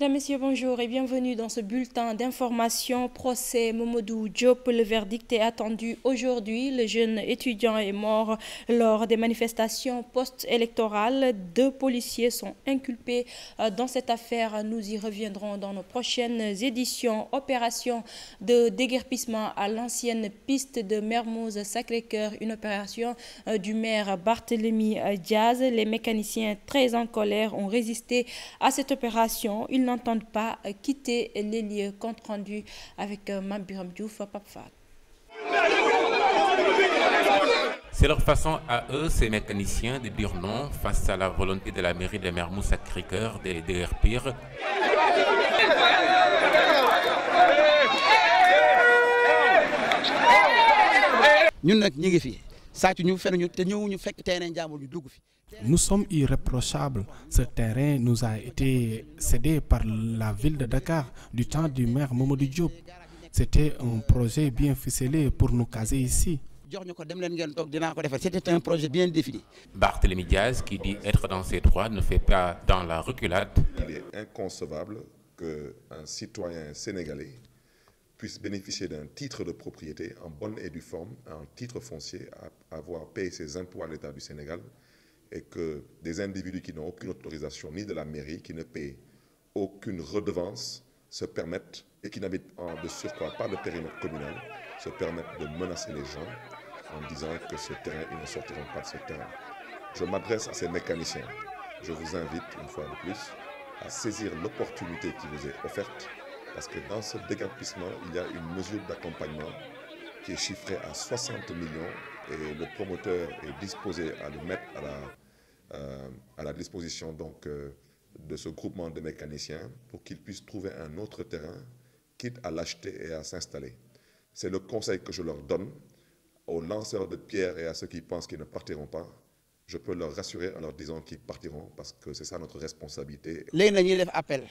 Mesdames, Messieurs, bonjour et bienvenue dans ce bulletin d'information procès Momodou Diop. Le verdict est attendu aujourd'hui. Le jeune étudiant est mort lors des manifestations post-électorales. Deux policiers sont inculpés euh, dans cette affaire. Nous y reviendrons dans nos prochaines éditions. Opération de déguerpissement à l'ancienne piste de Mermoz Sacré-Cœur, une opération euh, du maire Barthélemy euh, Diaz. Les mécaniciens très en colère ont résisté à cette opération. n'entendent pas euh, quitter les lieux compte rendu avec euh, Mame Biram Diouf euh, Pape Fall. C'est leur façon à eux, ces mécaniciens, de dire non face à la volonté de la mairie de Mermoz Sacré-Cœur de les RPIR. ñun nag ñu ngi fi sàcc ñu fenuñu te ñëwuñu fekk terrain jàmbur ñu dugg fi. Nous sommes irréprochables. Ce terrain nous a été cédé par la ville de Dakar du temps du maire Mamadou Diop. C'était un projet bien ficelé pour nous caser ici. C'était un projet bien défini. Barthélémy Diaz, qui dit être dans ces droits, ne fait pas dans la reculade. Il est inconcevable qu'un citoyen sénégalais puisse bénéficier d'un titre de propriété en bonne et due forme, un titre foncier, à avoir payé ses impôts à l'État du Sénégal, et que des individus qui n'ont aucune autorisation ni de la mairie, qui ne paient aucune redevance, se permettent, et qui n'habitent de surcroît pas de périmètre communal, se permettent de menacer les gens en disant que ce terrain, ils ne sortiront pas de ce terrain. à ces mécaniciens. Je vous est offerte, parce que dans ce dégarpissement, il y a une mesure d'accompagnement qui est chiffrée à 60 millions et le promoteur est disposé à la Euh, à la disposition donc euh, de ce groupement de mécaniciens pour qu'ils puissent trouver un autre terrain, quitte à l'acheter et à s'installer. C'est le conseil que je leur donne aux lanceurs de pierres et à ceux qui pensent qu'ils ne partiront pas. Je peux leur rassurer en leur disant qu'ils partiront parce que c'est ça notre responsabilité. léegi nañuy def appel.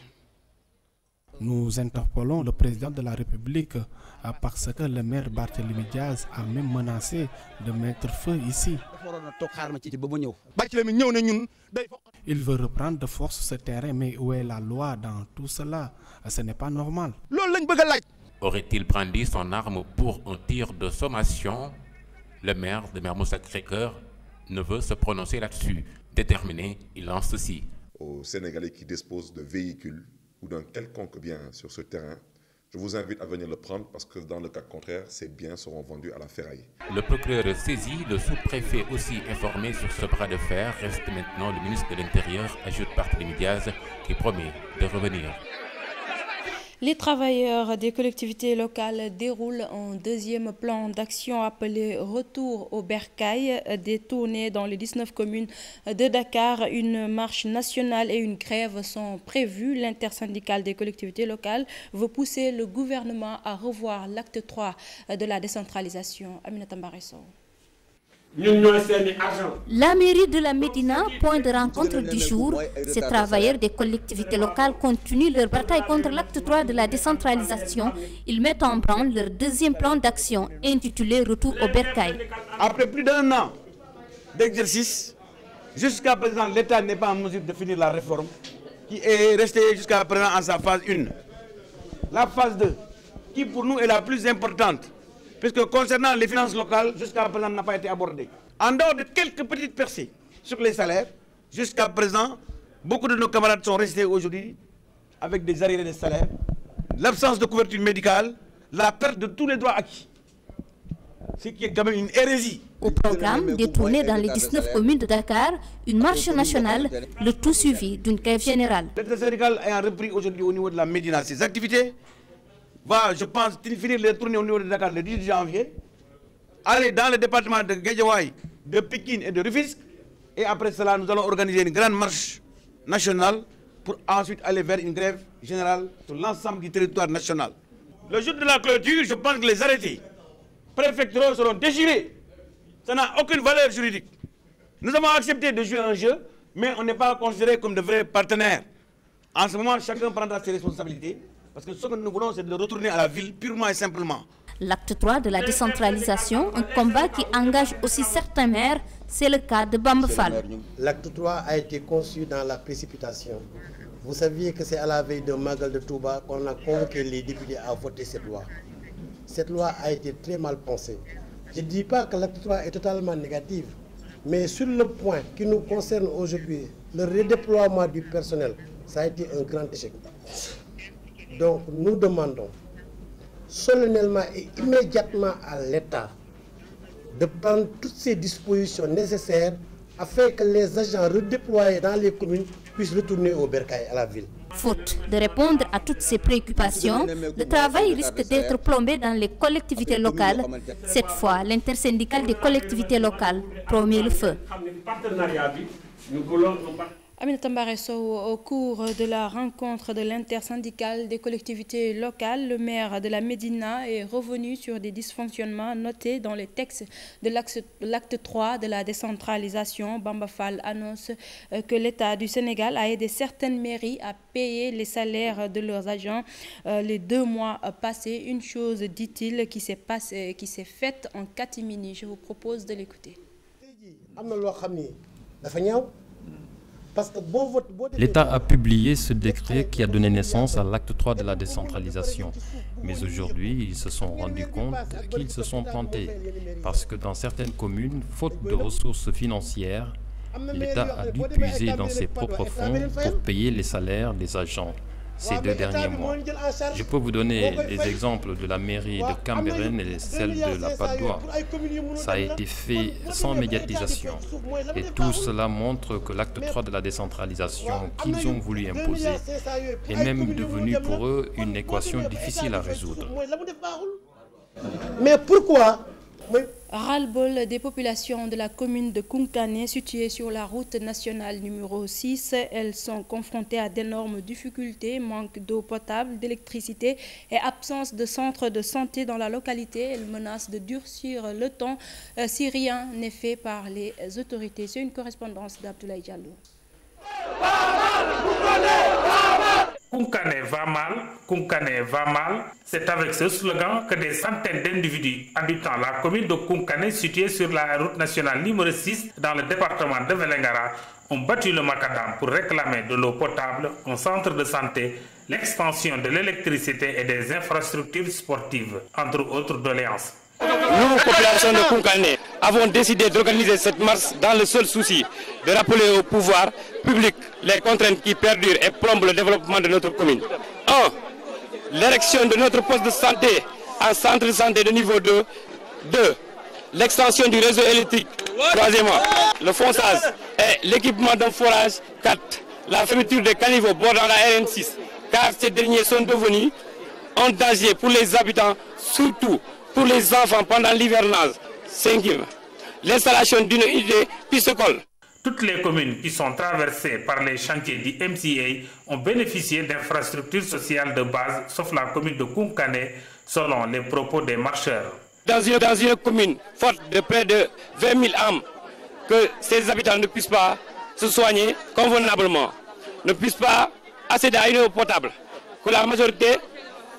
Nous interpellons le président de la République euh, parce que le maire Barthélémy Diaz a même menacé de mettre feu ici. Il veut reprendre de force ce terrain, mais où est la loi dans tout cela? Ce n'est pas normal. Aurait-il brandi son arme pour un tir de sommation? Le maire de Mermoz Sacré-Cœur ne veut se prononcer là-dessus. Déterminé, il lance ceci. Aux Sénégalais qui disposent de véhicules ou d'un quelconque bien sur ce terrain, je vous invite à venir le prendre parce que dans le cas contraire, ces biens seront vendus à la ferraille. Le procureur saisi, le sous-préfet aussi informé sur ce bras de fer, reste maintenant le ministre de l'Intérieur, ajoute Barthélémy Diaz, qui promet de revenir. Les travailleurs des collectivités locales déroulent un deuxième plan d'action appelé Retour au bercail, détourné dans les 19 communes de Dakar. Une marche nationale et une grève sont prévues. L'intersyndicale des collectivités locales veut pousser le gouvernement à revoir l'acte 3 de la décentralisation. Aminata Mbaresso. La mairie de la Médina, point de rencontre du jour, ces travailleurs des collectivités locales continuent leur bataille contre l'acte 3 de la décentralisation. Ils mettent en branle leur deuxième plan d'action intitulé Retour au bercail. Après plus d'un an d'exercice, jusqu'à présent l'État n'est pas en mesure de finir la réforme qui est restée jusqu'à présent en sa phase La phase qui pour nous est la plus importante, puisque concernant les finances locales, jusqu'à présent, n'a pas été abordé. En dehors de quelques petites percées sur les salaires, jusqu'à présent, beaucoup de nos camarades sont restés aujourd'hui avec des arriérés de salaire, l'absence de couverture médicale, la perte de tous les droits acquis. Ce qui est quand même une hérésie. Au programme détourné dans les 19 communes de Dakar, une marche nationale, le tout suivi d'une grève générale. L'État repris aujourd'hui va, je pense, finir les tournées au niveau de Dakar le 10 janvier, aller dans le département de Guédiawaye, de Pékin et de Rufisque, et après cela, nous allons organiser une grande marche nationale pour ensuite aller vers une grève générale sur l'ensemble du territoire national. Le jour de la clôture, je pense que les arrêtés préfectoraux seront déchirés. Ça n'a aucune valeur juridique. Nous avons accepté de jouer un jeu, mais on n'est pas considéré comme de vrais partenaires. En ce moment, chacun prendra Parce que ce que nous voulons, c'est de retourner à la ville purement et simplement. L'acte 3 de la décentralisation, un combat qui engage aussi certains maires, c'est le cas de Bambefal. L'acte 3 a été conçu dans la précipitation. Vous saviez que c'est à la veille de Magal de Touba qu'on a convoqué les députés à voter cette loi. Cette loi a été très mal pensée. Je ne dis pas que l'acte 3 est totalement négatif, mais sur le point qui nous concerne aujourd'hui, le redéploiement du personnel, ça a été un Donc nous demandons solennellement et immédiatement à l'État de prendre toutes ces dispositions nécessaires afin que les agents redéployés dans les communes puissent retourner au bercail, à la ville. Faute de répondre à toutes ces préoccupations, le travail risque d'être plombé dans les collectivités locales. Cette fois, l'intersyndicale des collectivités locales promet le feu. Aminata Mbaré Sow au cours de la rencontre de l'intersyndicale des collectivités locales, le maire de la Médina est revenu sur des dysfonctionnements notés dans les textes de l'acte 3 de la décentralisation. Bamba Fall annonce euh, que l'État du Sénégal a aidé certaines mairies à payer les salaires de leurs agents euh, les deux mois passés. Une chose, dit-il, qui s'est passée, qui s'est faite en catimini. Je vous propose de l'écouter. L'État a publié ce décret qui a donné naissance à l'acte de la décentralisation. Mais aujourd'hui, ils se sont rendus compte qu'ils se sont plantés. Parce que dans certaines communes, faute de ressources financières, l'État a dû puiser dans ses propres fonds pour payer les salaires des agents. ces deux derniers mois. Je peux vous donner les exemples de la mairie de Cambérène et celle de la Padoie. Ça a été fait sans médiatisation. Et tout cela montre que l'acte 3 de la décentralisation qu'ils ont voulu imposer est même devenu pour eux une équation difficile à résoudre. Oui. Ras-le-bol des populations de la commune de Kounkané, située sur la route nationale numéro 6, elles sont confrontées à d'énormes difficultés, manque d'eau potable, d'électricité et absence de centre de santé dans la localité. Elles menacent de durcir le temps euh, si rien n'est fait par les autorités. C'est une correspondance d'Abdoulaye Diallo. Kounkané va mal, Kounkané va mal. C'est avec ce slogan que des centaines d'individus habitant la commune de Kounkané située sur la route nationale numéro 6 dans le département de Vélingara ont battu le macadam pour réclamer de l'eau portable un centre de santé, l'extension de l'électricité et des infrastructures sportives, entre autres doléances. Nous, population de Kounkalné, avons décidé d'organiser cette marche dans le seul souci de rappeler au pouvoir public les contraintes qui perdurent et plombent le développement de notre commune. 1. L'érection de notre poste de santé en centre de santé de niveau 2. 2. L'extension du réseau électrique. Troisièmement, le fonçage et l'équipement d'un forage. 4. La fermeture des caniveaux bordant la RN6, car ces derniers sont devenus un pour les habitants, surtou pour les enfants pendant l'hivernage. Cinquième, l'installation d'une piscicole. Toutes les communes qui sont traversées par les chantiers du MCA ont bénéficié d'infrastructures sociales de base, sauf la commune de Koumkane, selon les propos des marcheurs. Dans une, commune forte de près de 20 000 âmes, que ses habitants ne puissent pas se soigner convenablement, ne puissent pas accéder à une que la majorité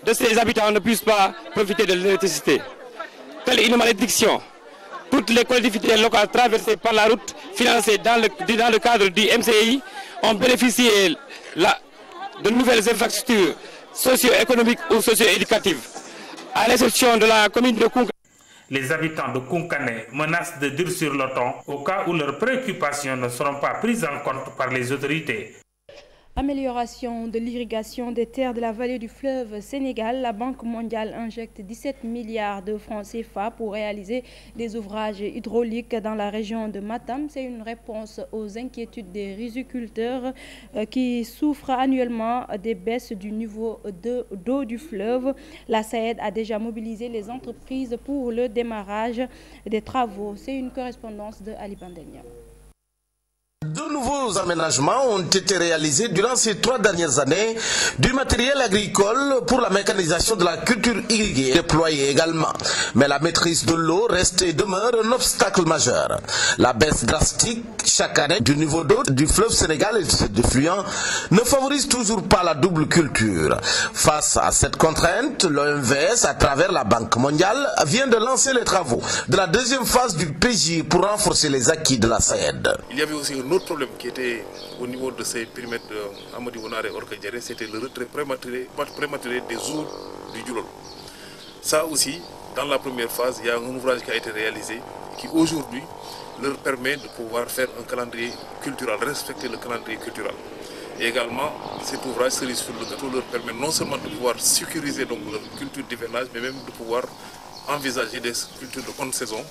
de ses habitants ne puissent pas profiter de l'électricité. Quelle une malédiction Toutes les collectivités locales traversées par la route, financées dans le, le cadre du MCI, ont bénéficié la, de nouvelles infrastructures socio-économiques ou socio-éducatives, à l'exception de la commune de Kounka. Les habitants de Kounkané menacent de durcir le temps au cas où leurs préoccupations ne seront pas prises en compte par les autorités. Amélioration de l'irrigation des terres de la vallée du fleuve Sénégal, la Banque mondiale injecte 17 milliards de francs CFA pour réaliser des ouvrages hydrauliques dans la région de Matam. C'est une réponse aux inquiétudes des riziculteurs euh, qui souffrent annuellement des baisses du niveau de d'eau du fleuve. La SAED a déjà mobilisé les entreprises pour le démarrage des travaux. C'est une correspondance de Ali De nouveaux aménagements ont été réalisés durant ces trois dernières années du matériel agricole pour la mécanisation de la culture irriguée déployé également. Mais la maîtrise de l'eau reste et demeure un obstacle majeur. La baisse drastique chaque année du niveau d'eau du fleuve Sénégal et de ses effluents ne favorise toujours pas la double culture. Face à cette contrainte, l'OMVS, à travers la Banque mondiale, vient de lancer les travaux de la deuxième phase du pour renforcer les acquis de la SAED. un autre problème qui était au niveau de ces périmètres Amadi Wonare et Orkadjere, c'était le retrait prématuré, prématuré des eaux du Djoulol. Ça aussi, dans la première phase, il y a un ouvrage qui a été réalisé qui aujourd'hui leur permet de pouvoir faire un calendrier culturel, respecter le calendrier culturel. Et également, cet ouvrage Cerise sur le gâteau leur permet non seulement de pouvoir sécuriser donc leur culture d'hivernage, mais même de pouvoir envisager des saison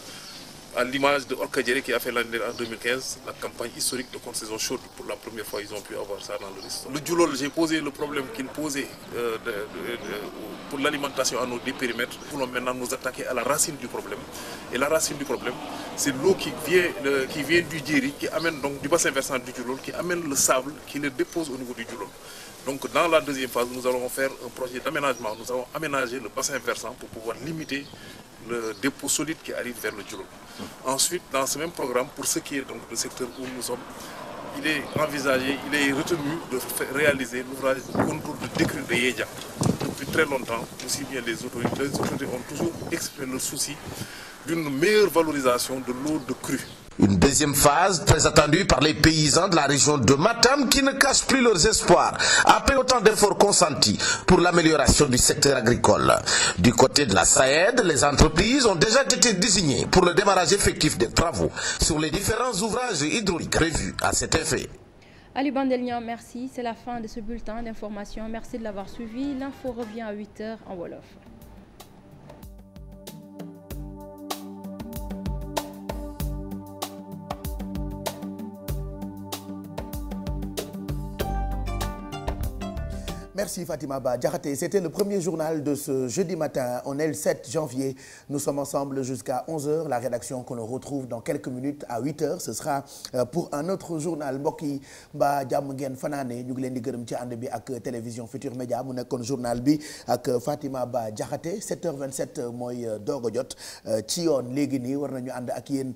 à l'image de Orkadjere qui a fait l'année en 2015 la campagne historique de concession chaude. Pour la première fois, ils ont pu avoir ça dans leur histoire. Le Djoulol, j'ai posé le problème qu'il posait euh, pour l'alimentation à nos deux périmètres. Nous nous attaquer à la racine du problème. Et la racine du problème, c'est l'eau qui vient, du Djeri, qui amène donc du bassin versant du Djoulol, qui amène le sable, qui le dépose au niveau du Djoulol. Donc dans la projet d'aménagement. Nous allons aménager le bassin versant pour pouvoir Ensuite, dans ce même programme, pour ce qui est donc le secteur où nous sommes, il est envisagé, il est retenu de réaliser l'ouvrage contour de décret de Yédia. Depuis très longtemps, aussi bien les autorités, ont toujours exprimé le souci d'une meilleure valorisation de l'eau de crue. Une deuxième phase très attendue par les paysans de la région de Matam qui ne cachent plus leurs espoirs après autant d'efforts consentis pour l'amélioration du secteur agricole. Du côté de la SAED, les entreprises ont déjà été désignées pour le démarrage effectif des travaux sur les différents ouvrages hydrauliques prévus à cet effet. Ali Bandelian, merci. C'est la L'info revient à 8h en Wolof. Merci Fatima Ba Diakhaté. C'était le premier journal de ce jeudi matin. On est le 7 janvier. Nous sommes ensemble jusqu'à 11h. La rédaction qu'on retrouve dans quelques minutes à 8h. Ce sera euh, pour un autre journal. Mbokk yi mbaa jàmm ngeen fanaane ñu ngi leen di gërëm ci ànd bi ak télévision Futur Média mu nekkoon journal bi ak Fatima Ba Diakhaté 7h27 mooy euh, doog a jot euh, ci yoon léegi nii war nañu ànd ak yéen.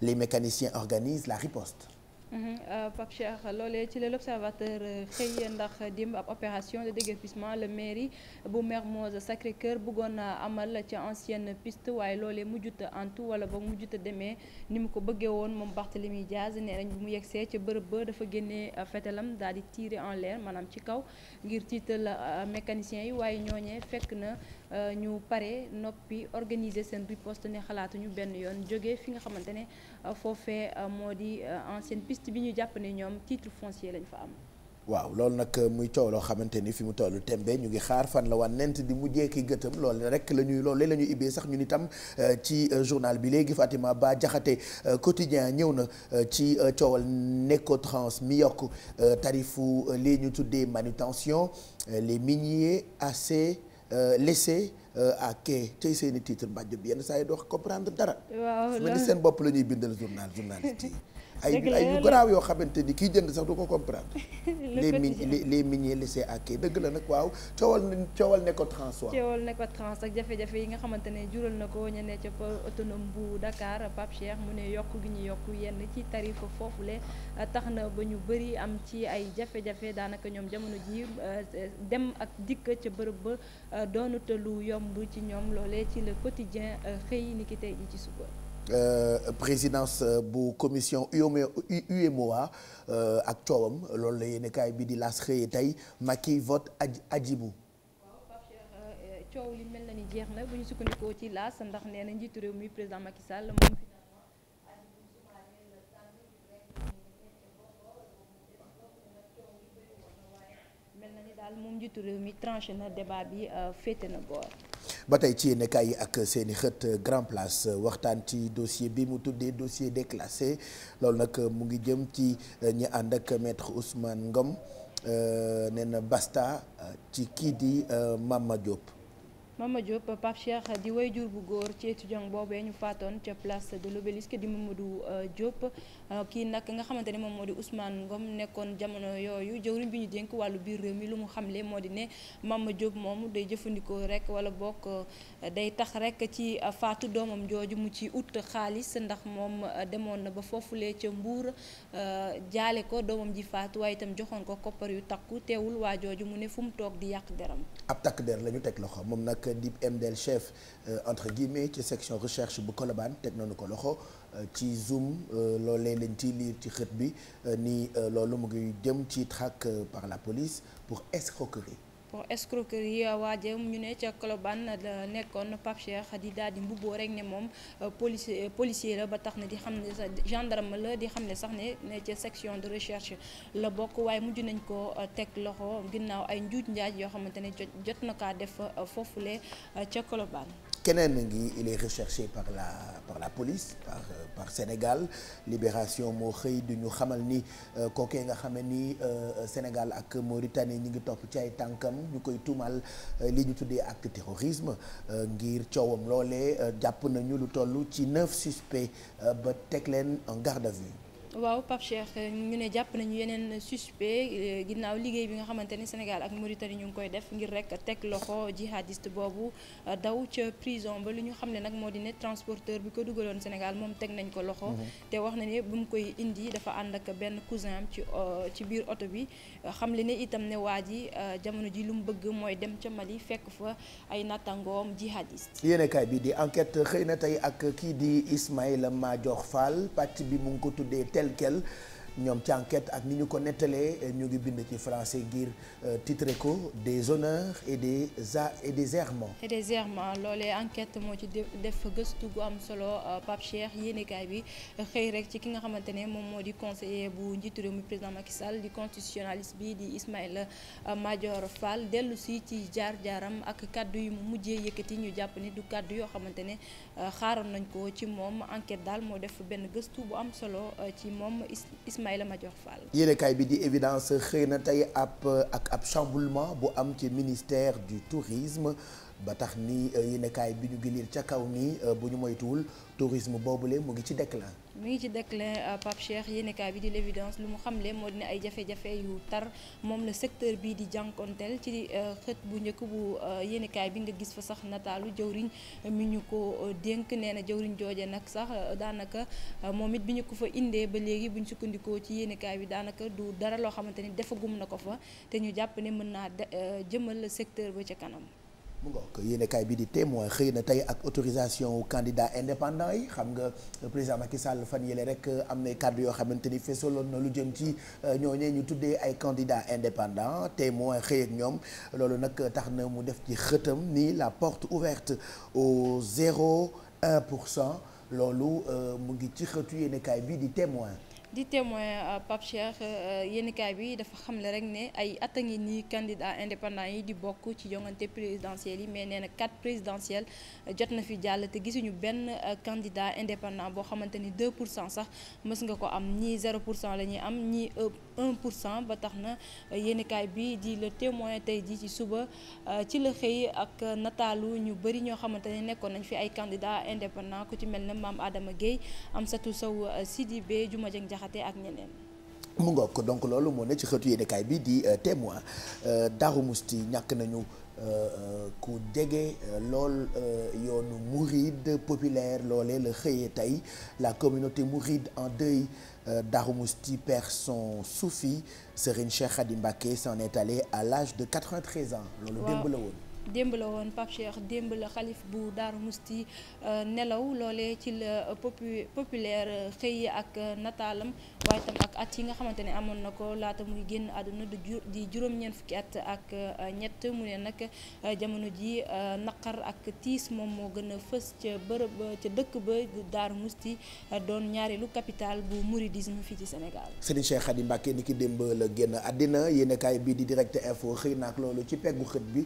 les mécaniciens organise la riposte. Mhm, euh, Pape Cheikh loolee ci la l'observateur euh, xëy ndax dimb ab opération de déguerpissement le mairie bu Mermoz Sacré-Cœur bëggoon a amal ca ancienne piste waaye loolee mujjut ant wala ba mujjut a demee ni mu ko bëggee woon moom Barthélemy Diaz nee nañ bi mu yegsee ca bërëb ba dafa génnee euh, fetalam daal di tiire en l'air maanaam ci kaw ngir tiital mécanicien yi waaye ñooñee fekk na Euh, ñu pare noppi organiser seen riposte ne xalaatuñu benn yoon jógee fi nga xamante ne euh, foofee euh, moo di ancienne piste bi ñu jàpp ne ñoom titre foncier lañ fa am. waaw loolu nag muy coow loo xamante ni fi mu tollu tembe ñu ngi xaar fan la nent di mu ki gëtam loolu rek la ñuy loolu la ñuy ibbee sax ñun itam ci journal bi léegi Fatima Ba Jaxate quotidien ñëw na ci coowal Necotrans mi yokk tarifu lii ñu tuddee manutention les miniers assez Euh, laissé euh, à quai tey seeni titre mbàjj bi yenn saa yi doo comprendre dara. waaw loolu seen bopp la ñuy bindal journal journaliste yi. ay ay yoo xamante ni kiy jënd sax du ko comprendre les mi les miniers laissés à dëgg la nag waaw coowal coowal ne ko trans waaw coowal ne ko trans ak jafe-jafe yi nga xamante ne jural na ko ñe ne ca port autonome bu Dakar Pape Cheikh mu ne yokk gi ñu yokk yenn ci tarif foofule tax na ba ñu bëri am ci ay jafe-jafe daanaka ñoom jamono ji euh, dem ak dikk ca bërëb ba euh, doonute lu yomb ci ñoom loolee ci le quotidien euh, xëy ni ki tey ci suba Euh, présidence euh, bu commission UEMOA euh, ak coowam loolu la yéen kaay bi di laas xëyee tey Macky vote ajibu coow li mel na ni jeex na bu sukkandikoo ci laas ndax nee na njiitu réew mi président Macky Sall moom mel na ni daal moom njiitu réew mi tranché na débat bi féete na boor ba tey ci yéenekaay yi ak seeni xët grand place waxtaan ci dossier bi mu tuddee dossier déclassé loolu nag mu ngi jëm ci ñi ànd ak maître Ousmane Ngom euh, nee na basta euh, ci kii di euh, Mama mam Mama Diop Pape Cheikh di wayjur bu góor ci étudiant boobee ñu faatoon ca place de l'Obélisque di du Diop. Euh, kii nag nga xamante ne moom moo di usmaan Ngom nekkoon jamono yooyu jëwriñ bi ñu dénk wàllu biir réew mi lu mu xamle moo di ne Mama jóg moom day jëfandikoo rek wala bokk euh, day tax rek ci euh, faatu doomam jooju mu ci ut xaalis ndax moom demoon na ba foofulee ca Mbuur jaale ko doomam ji faatu waaye itam joxoon ko koppar yu takku teewul waa jooju mu ne fu mu toog di yàq deram ab takk der la ñu teg loxo moom nag dip MDL chef entre guillemets ci section recherche bu Colobane teg nañu ko loxo ci Zoom euh, loolee lañ ciy liir ci xët bi euh, ni euh, loolu mu ngi jëm ci traque par la police pour escroquerie. pour escroquerie waaje ñu ne ca Colobane la nekkoon Pape Cheikh di daal di mbubboo rek ne moom polici policier la ba tax na di xam ne gendarme la di xam ne sax ne ne ca section de recherche la bokk waaye mujj nañ ko teg loxo ginnaaw ay njuuj njaaj yoo xamante ne jot na kaa def foofu le ca Colobane. keneen a ngi il est recherché par la par la police par Sénégal Libération moo xëy du ñu xamal ni euh, kookee nga xam ne ni euh, Sénégal ak Mauritanie ñu ngi topp ci ay tànkam ñu koy tuumal euh, li ñu tuddee ak terrorisme ngir coowam loole jàpp nañu lu toll ci neuf suspects ba teg leen en garde à vue waaw Pape Cheikh ñu ne jàpp nañu yeneen suspect euh, ginnaaw liggéey bi nga xamante ni Sénégal ak Mauritanie ñu ngi koy def ngir rek teg loxo jihadiste boobu euh, daw ca prison ba li ñu xam ne nag moo di ne transporteur bi ko dugaloon Sénégal moom teg nañ ko loxo. Mm-hmm. te wax na ne bu mu koy indi dafa ànd ak benn cousin am ci euh, ci biir oto bi xam le ne itam ne waa ji jamono ji lu mu bëgg mooy dem ca Mali fekk fa ay nattangoom jihadiste. yéenekaay bi di enquête xëy na tey ak kii di Ismaïla Madior Fall pàcc bi mu ngi ko tuddee tel quel ñoom ci enquête ak ni ñu ko nettalee eh, ñu ngi bind ci français ngir eh, titre ko des honneurs et des a et des errements. et des errements enquête moo ci def gëstu gu am solo eh, Pape Cheikh yéenekaay bi xëy rek ci ki nga xamante ne moom moo di conseiller bu njiitu réew mi président Macky Sall di constitutionnaliste bi di Ismaïla Madior Fall dellu si ci jaar jaaram ak kaddu yu mujjee yëkkati ñu jàpp ni du kaddu yoo xamante ne xaaroon nañ ko ci moom enquête daal moo def benn gëstu bu am solo Ismaïla Madior Fall. yéenekaay bi di évidence xëy na tey ab ak ab chamboulement bu am ci ministère du tourisme ba tax ni yéenekaay bi ñu ngi ca kaw nii bu ñu moytuwul tourisme boobule mu ngi ci la mi ngi ci déclin euh, Pape Cheikh yéenekaay bi di l'évidence lu mu xamle moo di ne ay jafe-jafe yu tar moom la secteur bii di jànkonteel ci euh, xët bu njëkk bu euh, yéenekaay bi nga gis fa sax nataalu jëwriñ mi ñu ko dénk nee na jëwriñ jooje nag sax daanaka moom it bi ñu ko fa indee ba léegi buñ sukkandikoo ci yéenekaay bi daanaka du dara loo xamante ni defagum na ko fa te ñu jàpp ne mën naa jëmal secteur ba ca kanam mu nga ko yéene kaay bi di témoin xëy na tey ak autorisation candidat indépendant yi xam nga président Macky Sall fan yële rek am na kàddu yoo xamante ni fesaloon na lu jëm ci euh, ñooñee ñu tuddee ay candidat indépendant témoin xëy ak ñoom loolu nag tax na mu def ci xëtam ni la porte ouverte au zéro un pour loolu euh, mu ngi ci xëtu yéene kaay bi di témoin di témoin euh, Pape Cheikh euh, yéenekaay bi dafa xam xamle rek ne ay at a ngi nii candidat indépendant yi di bokk ci jongante présidentielle yi mais nee na quatre présidentielles euh, jot na fi jàll te gisuñu benn candidat indépendant boo xamante ni 2 pour cent sax mës nga ko am ñii 0 pour cent la ñuy am ñii 1 pour cent ba tax na yéenekaay bi di le témoin tey ji ci suba euh, ci la xëy ak nataalu ñu bëri ñoo xamante ne nekkoon nañ fi ay candidat indépendant ku ci mel ne maam Adama Guèye Amsatou Sow Sidibé Diouma Dieng Diakhaté ak ñeneen. mu ko donc loolu moo ne ci xëtu yéenekaay bi di euh, témoin euh, Daaru Musti ñàkk nañu ku jege lool yoonu mouride populaire loolee la xëyee tey la communauté mouride en deuil Euh, Darou Mouhty per son soufi Serigne Cheikh Khadim Mbacké s'en est allé à l'âge de 93 ans. loolu démb la démb la woon Pape Cheikh démb la xalif bu Daaru Musti euh, nelaw loolee ci la popu populaire euh, xëy ak euh, nataalam waaye tam ak at yi nga xamante ne amoon na ko laata muy génn àdduna di juróom-ñeent fukki at ak ñett mu ne nag jamono ji naqar ak tiis moom moo gën a fës ca bërëb ca dëkk ba daar Musti doon ñaareelu capital bu mouridisme fii ci Sénégal. Serigne Cheikh Khady ni ki démb la génn àddina yéenekaay bii di direct info xëy na ak loolu ci peggu xët bi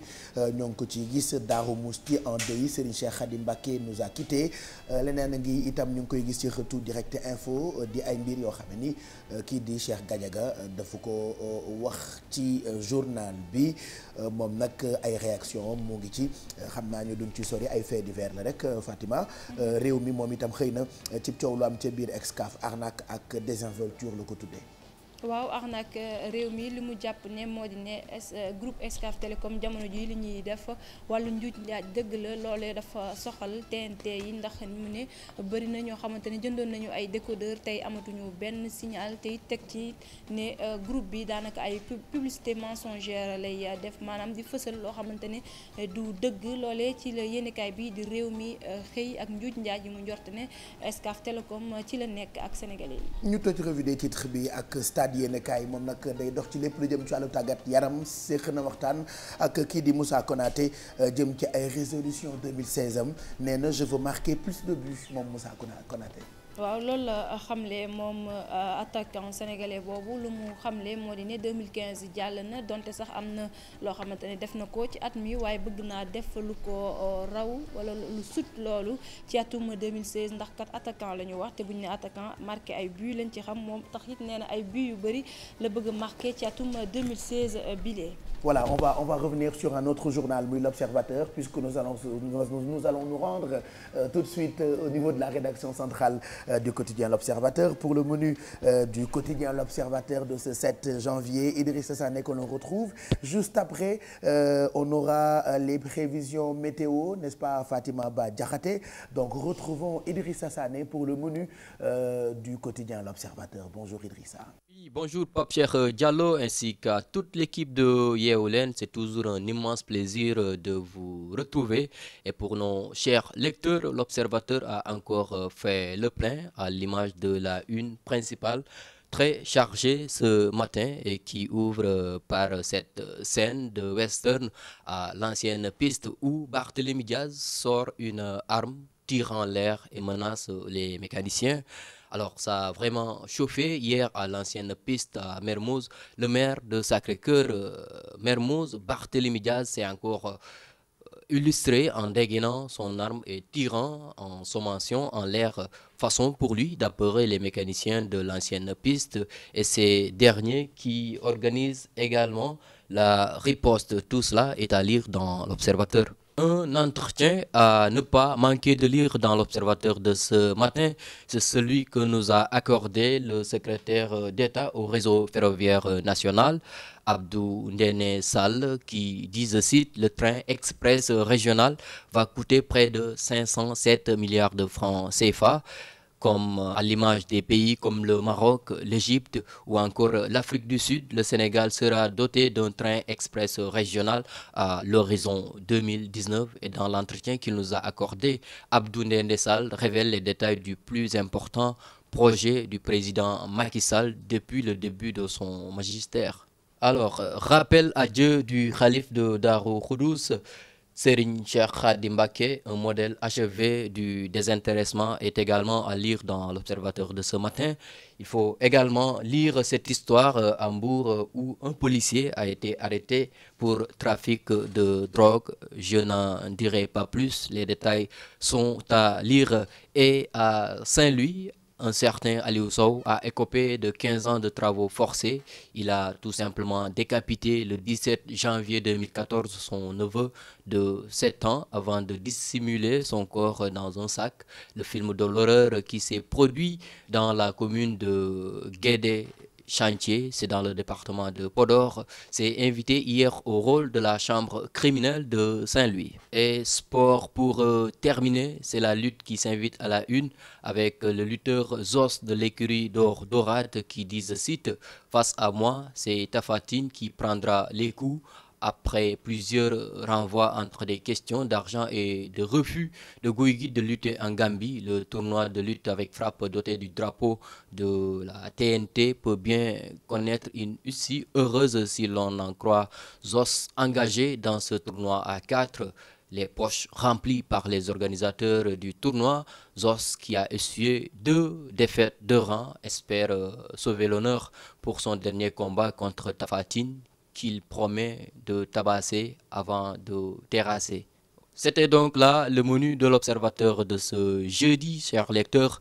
ngi ko ciy gis Darou Mousti en deuil Serigne Cheikh Khadim Mbacké nous a quitté euh, leneen a ngi itam ñu ngi koy gis ci xëtu direct info euh, di ay mbir yoo xam ni euh, kii di Cheikh Gadiaga dafa ko wax ci journal bi moom nag ay réaction moo ngi ci xam naa ñu duñ ci sori ay fait faits divers la rek Fatima réew mi moom itam xëy na ci coow lu am ca biir Excaf arnaque ak désinvolture la ko tuddee. waaw arnaque euh, réew mi li mu jàpp ne moo di ne euh, groupe Excaf Télécom jamono ji li ñuy def wàllu njuuj njaaj dëgg la loolee dafa soxal TNT yi ndax mu ne bëri na ñoo xamante ne jëndoon nañu ay décodeur tey amatuñu benn signal tey teg ci ne euh, groupe bi daanaka ay publicité mensongère lay def maanaam di fësal loo xamante ne du dëgg loole ci la yéenekaay bi di réew mi xëy ak njuuj njaaj yi mu njort ne Excaf Télécom ci la nekk ak sénégal yi. ñu toj stade yéen kaay moom nag day dox ci lépp lu jëm ci wàllu tàggat yaram séq na waxtaan ak kii di Moussa Konaté euh, jëm ci ay résolution 2016 am nee na je veux marquer plus de buts moom Moussa Konaté waaw loolu la xamle moom euh, attaquant sénégalais boobu lu mu xamle moo di ne 2015 jàll na donte sax am na loo xamante ne def na ko ci at mi waaye bëgg naa def lu ko euh, raw wala lu sut loolu ci atum 2016 ndax kat attaquant la ñu wax te bu ñu ne attaquant marqué ay but lañ ci xam moom tax it nee na ay but yu bëri la bëgg a marqué ci atum 2016 euh, bilee voilà on va on va revenir sur un autre journal muy l'Observateur puisque nous allons nous allons nous rendre euh, tout de suite euh, au niveau de la rédaction centrale euh, du quotidien l'Observateur pour le menu euh, du quotidien l'Observateur de ce janvier Idrissa Sané que l'on retrouve juste après euh, on aura euh, les prévisions météo n'est-ce pas Fatima Ba Diakhaté donc retrouvons Idrissa Sané pour le menu du quotidien l'Observateur bonjour Idrissa Bonjour Pape Cheikh euh, Diallo ainsi qu'à toute l'équipe de Yeewu Leen, c'est toujours un immense plaisir euh, de vous retrouver et pour nos chers lecteurs, l'Observateur a encore euh, fait le plein à l'image de la une principale très chargée ce matin et qui ouvre par cette scène de western à l'ancienne piste où Barthélémy Diaz sort une arme, tire en l'air et menace les mécaniciens. Alors, ça a vraiment chauffé hier à l'ancienne piste à Mermoz. Le maire de Sacré-Cœur, euh, Mermoz, Barthélémy Diaz, s'est encore euh, illustré en dégainant son arme et tirant en sommation en l'air façon pour lui d'apeurer les mécaniciens de l'ancienne piste et ces derniers qui organisent également la riposte. Tout cela est à lire dans l'Observateur. Un entretien à ne pas manquer de dans l'Observateur de ce matin, c'est celui que nous a le secrétaire d'État au réseau ferroviaire national, Abdou Ndene Sall, qui dit, je cite, le train express régional va près de 507 milliards de francs CFA. comme euh, à l'image des pays comme le Maroc, le Sénégal sera doté d'un train express régional à l'horizon 2019 et dans l'entretien qu'il nous a accordé, Abdou important projet du président Macky depuis le début de son magistère. Euh, Serigne Cheikh Khadi Mbake, un modèle achevé du désintéressement, est également à lire dans l'Observateur de ce matin. Il faut également lire cette histoire euh, à Hambourg euh, où un policier a été arrêté pour trafic de drogue. Je n'en dirai pas plus, les détails sont à lire. Et à Saint-Louis, un certain Aliou Sow a de 15 ans de travaux forcés. Il a tout simplement décapité le 17 janvier 2014 son neveu de 7 ans avant de dissimuler son corps dans un sac. Le film de l'horreur dans la commune de Guédé chantier, c'est dans le département de Podor, s'est invité hier au rôle de la chambre criminelle de Saint-Louis. Et sport pour euh, terminer, c'est la lutte qui s'invite à la une avec le lutteur Zos de l'écurie d'Or Dorade qui dit, cite, face à moi, c'est Tafatine qui prendra les coups après plusieurs euh, renvois entre des questions d'argent et de refus de Guigui de lutter en Gambie. Le tournoi de lutte avec frappe doté du drapeau de la TNT peut bien connaître une issue heureuse si l'on en croit Zos engagé dans ce tournoi à 4 les poches remplies par les organisateurs du tournoi. Zos, qui a essuyé deux défaites de rang, espère euh, sauver l'honneur pour son dernier combat contre Tafatine, qu'il promet de tabasser avant de terrasser. C'était donc là le menu de l'Observateur de ce jeudi, chers lecteurs.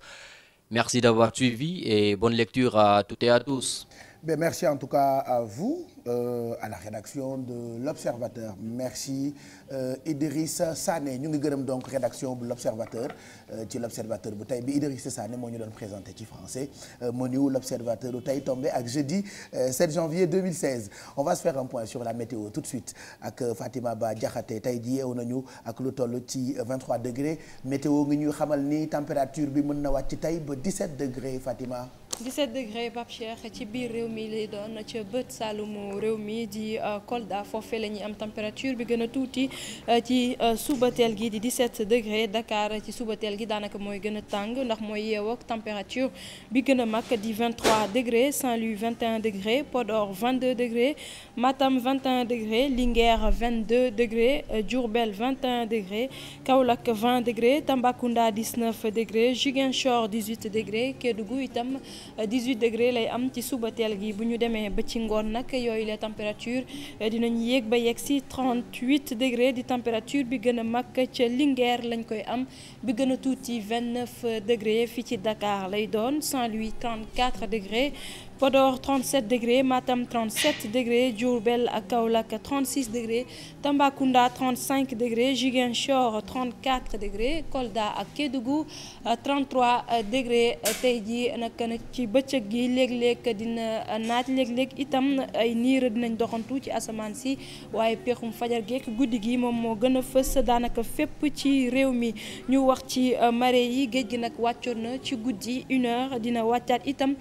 Merci d'avoir suivi et bonne lecture à toutes et à tous. Mais merci en tout cas à vous, euh, à la rédaction de l'Observateur. Merci euh, Idrissa Sané ñu ngi gërëm donc rédaction bu l'Observateur euh, ci euh, l'Observateur bu tey bi Idrissa Sané moo ñu doon présenté ci français euh, menu l'Observateur bu tey tombé ak jeudi 7 euh, janvier 2016. On va se faire un point sur la météo tout de suite ak Fatima Ba Diakhaté tey ji yeewu nañu ak lu toll ci 23 degrés météo ngi ñuy xamal ni température bi mën na wàcc tey ba 17 degré Fatima. 17 degré Pape ci biir réew mi lay doon ca bët saalumu réew mii di euh, Kolda foofee la ñuy am température bi gën a tuuti euh, euh, ci suba subateel gi di 17 degré Dakar ci subateel gi daanaka mooy gën a tàng ndax mooy yeewoo ak température bi gën a mag di 23 degré Saint-Louis 21 degré Podor 22 degré Matam 21 degré Linguère 22 degré Diourbel 21 degré Kaolack 20 degré Tambacounda 19 degré Ziguinchor 18 degré Kédougou itam. 18 degré lay am ci suba teel gi bu ñu demee ba ci ngoon nag yooyu les température eh, dinañu yéeg ba yegg si 38 degré di température bi gën a mag ca Linguère lañ koy am bi gën a tuuti 29 degré fii ci Dakar lay doon Saint-Louis 34 degré. Podor 37 degré Matam 37 degré Diourbel ak Kaolack 36 degré Tambacounda 35 degré Ziguinchor 34 degré Kolda ak Kédougou 33 euh, euh, degré tey jii nag ci bëccëg gi léeg-léeg dina euh, naaj léeg-léeg itam ay niir dinañ doxantu ci asamaan si waaye peexum fajar geek guddi gi moom moo gën a fës daanaka fépp ci réew mi ñu wax ci marée yi géej gi nag wàccoon na ci guddi une heure dina wàccaat itam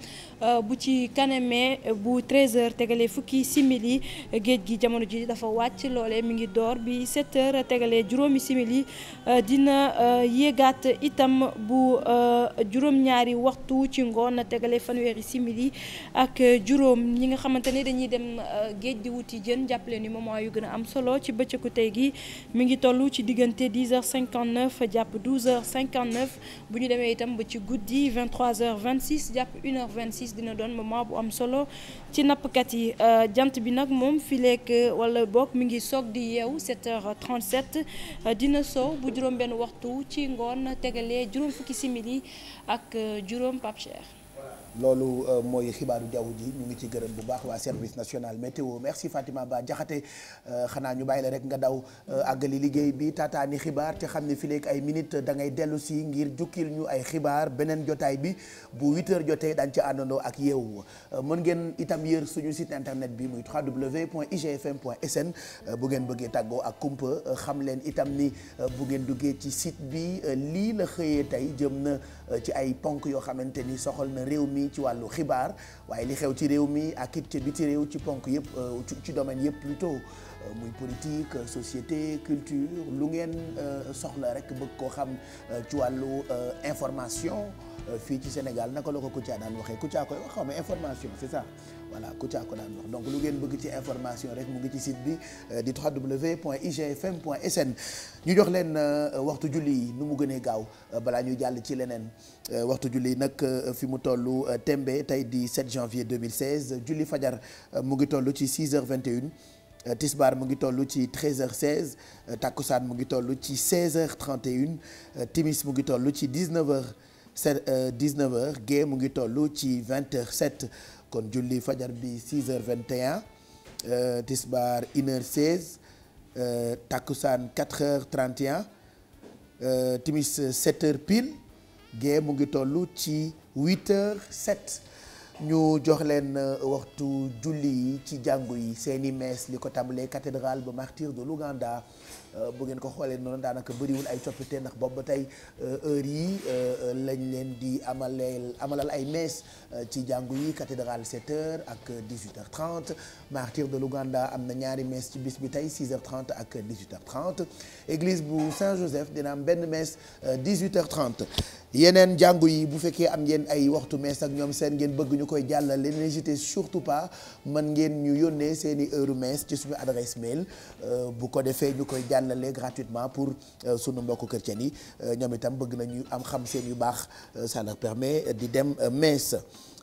bu ci kaname eh, bu 13h tegalee fukki simili eh, géej gi jamono ji dafa wàcc loole mi ngi door bi 7h tegalee juróomi simili eh, dina yéegaat itam bu juróom-ñaari waxtu ci ngoon tegalee fanweeri simili ak juróom ñi nga xamante ne dañuy dem géej di wuti jën jàppale ni moment yu gën a am solo ci bëccëgu tey gi mu ngi toll ci diggante 10h59 jàpp 12h59 bu ñu demee itam ba ci guddi 23h26 jàpp 1h26 dina doon moment. développement bu am solo ci nappkat yi euh, jant bi nag moom fi lekk euh, wala boog mi ngi soog di yeew 7h37 euh, dina sow bu juróom benn waxtu ci ngoon tegalee juróom fukki simili ak juróom Pape loolu euh, mooy xibaaru jaww ji ñu ngi ci gërëm bu baax waa service national météo merci Fatima Ba Jaxate euh, xanaa ñu bàyyi la rek nga daw euh, àggali liggéey bi taataani xibaar te xam ne fi léegi ay minute da ngay dellu si ngir jukkil ñu ay xibaar beneen jotaay bi bu 8 jotee dañ ci àndandoo ak yeewu mën ngeen itam yër suñu site internet bi muy www.igfm.sn bu ngeen bëggee tàggoo ak kumpa xam leen itam ni bu ngeen duggee ci site bi lii la xëyee tey jëm na ci ay ponk yoo xamante ni soxal na réew mi mi ci wàllu xibaar waaye li xew ci réew mi ak it biti réew ci ponk yëpp euh, ci domaine yëpp plutôt euh, muy politique société culture lu ngeen euh, soxla rek bëgg koo xam ci wàllu information fii ci Sénégal naka la ko Kouthia daan waxee Kouthia koy wax xaw ma information c'est ça voilà Kouthia ko daan wax donc lu ngeen bëgg ci information rek mu ngi ci site bi euh, di www.igfm.sn ñu jox leen euh, waxtu julli yi nu mu gënee gaaw euh, balaa ñu jàll ci leneen waxtu julli nag fi mu toll tembe tey di 7 janvier 2016 julli fajar mu ngi toll ci 6h21. Tisbaar mu ngi tollu ci 13h16 Takkusaan mu ngi tollu ci 16h31 Timis mu ngi tollu ci 19h 19h Gée mu ngi toll ci 20 h kon julli fajar bi 6h21 euh, tisbaar 1h16 euh, takkusaan 4h31 euh, timis 7h pile gée mu ngi toll ci 8 h ñu jox leen euh, waxtu julli yi ci jàngu yi seeni mees li ko tàmbalee cathédrale ba martyr de l'Ouganda euh, bu ngeen ko xoolee noonu daanaka bëriwul ay coppite ndax boobu ba tey heure yi lañ leen di amaleel amalal ay mees. ci jàngu yi cathédrale 7h ak 18 trent 30 martyr de l'Ouganda am na ñaari messe ci bis bi tey 6 h ak 18h30 église bu Saint-Joseph dina am benn messe 18h30 euh, yeneen jàngu yi bu fekkee am ngeen ay waxtu messe ak ñoom seen ngeen bëgg ñu koy jàllale n'hésitez surtout pas man ngeen ñu yónnee seeni heure messe ci suñu adresse mail euh, bu ko defee ñu koy jàllale gratuitement pour euh, sunu mbokk kër cen yi ñoom itam bëgg nañu am xam seen yu baax ça leur permet di dem messe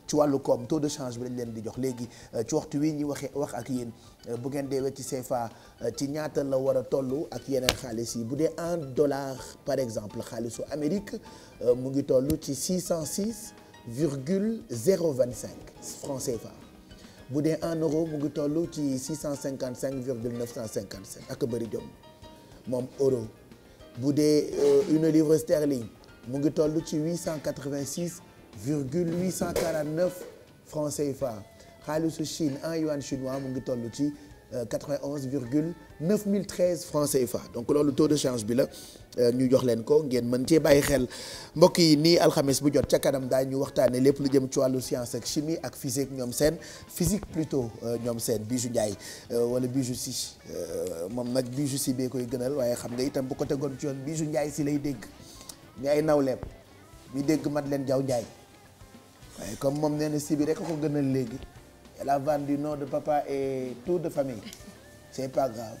ci wàllu koom taux de change bi lañ leen di jox léegi euh, ci waxtu wii ñu waxee wax ak yéen euh, bu ngeen deewee ci CFA euh, ci ñaata la war a tollu ak yeneen xaalis yi bu dee un dollar par exemple xaalisu Amérique mu ngi toll ci 606 virgule 025 francs CFA bu dee un euro mu ngi toll ci 655 virgule 957 ak bëri jom moom euro bu dee une livre sterling mu ngi toll ci 886 virgule 849 francs CFA xaalisu Chine un yuan chinois mu ngi toll ci 91 euh, virgule 9013 francs CFA donc loolu taux de change bi la euh, ñu jox leen ko ngeen mën cee bàyyi xel mbokk yi nii alxames bu jot ca kanam daal ñu waxtaanee lépp lu jëm ci wàllu science ak chimie ak physique ñoom seen physique plutôt euh, ñoom seen Bijou Ndiaye wala Bijou Si moom nag Bijou Si bee koy gënal waaye xam nga itam bu ko tegoon ci yoon Bijou Ndiaye si lay dégg ñu ay nawleem ñu dégg mat leen jaw Ndiaye. waaye comme moom nee na sibi rek ko gënal léegi la a vendu nom de papa et tout de famille c'est pas grave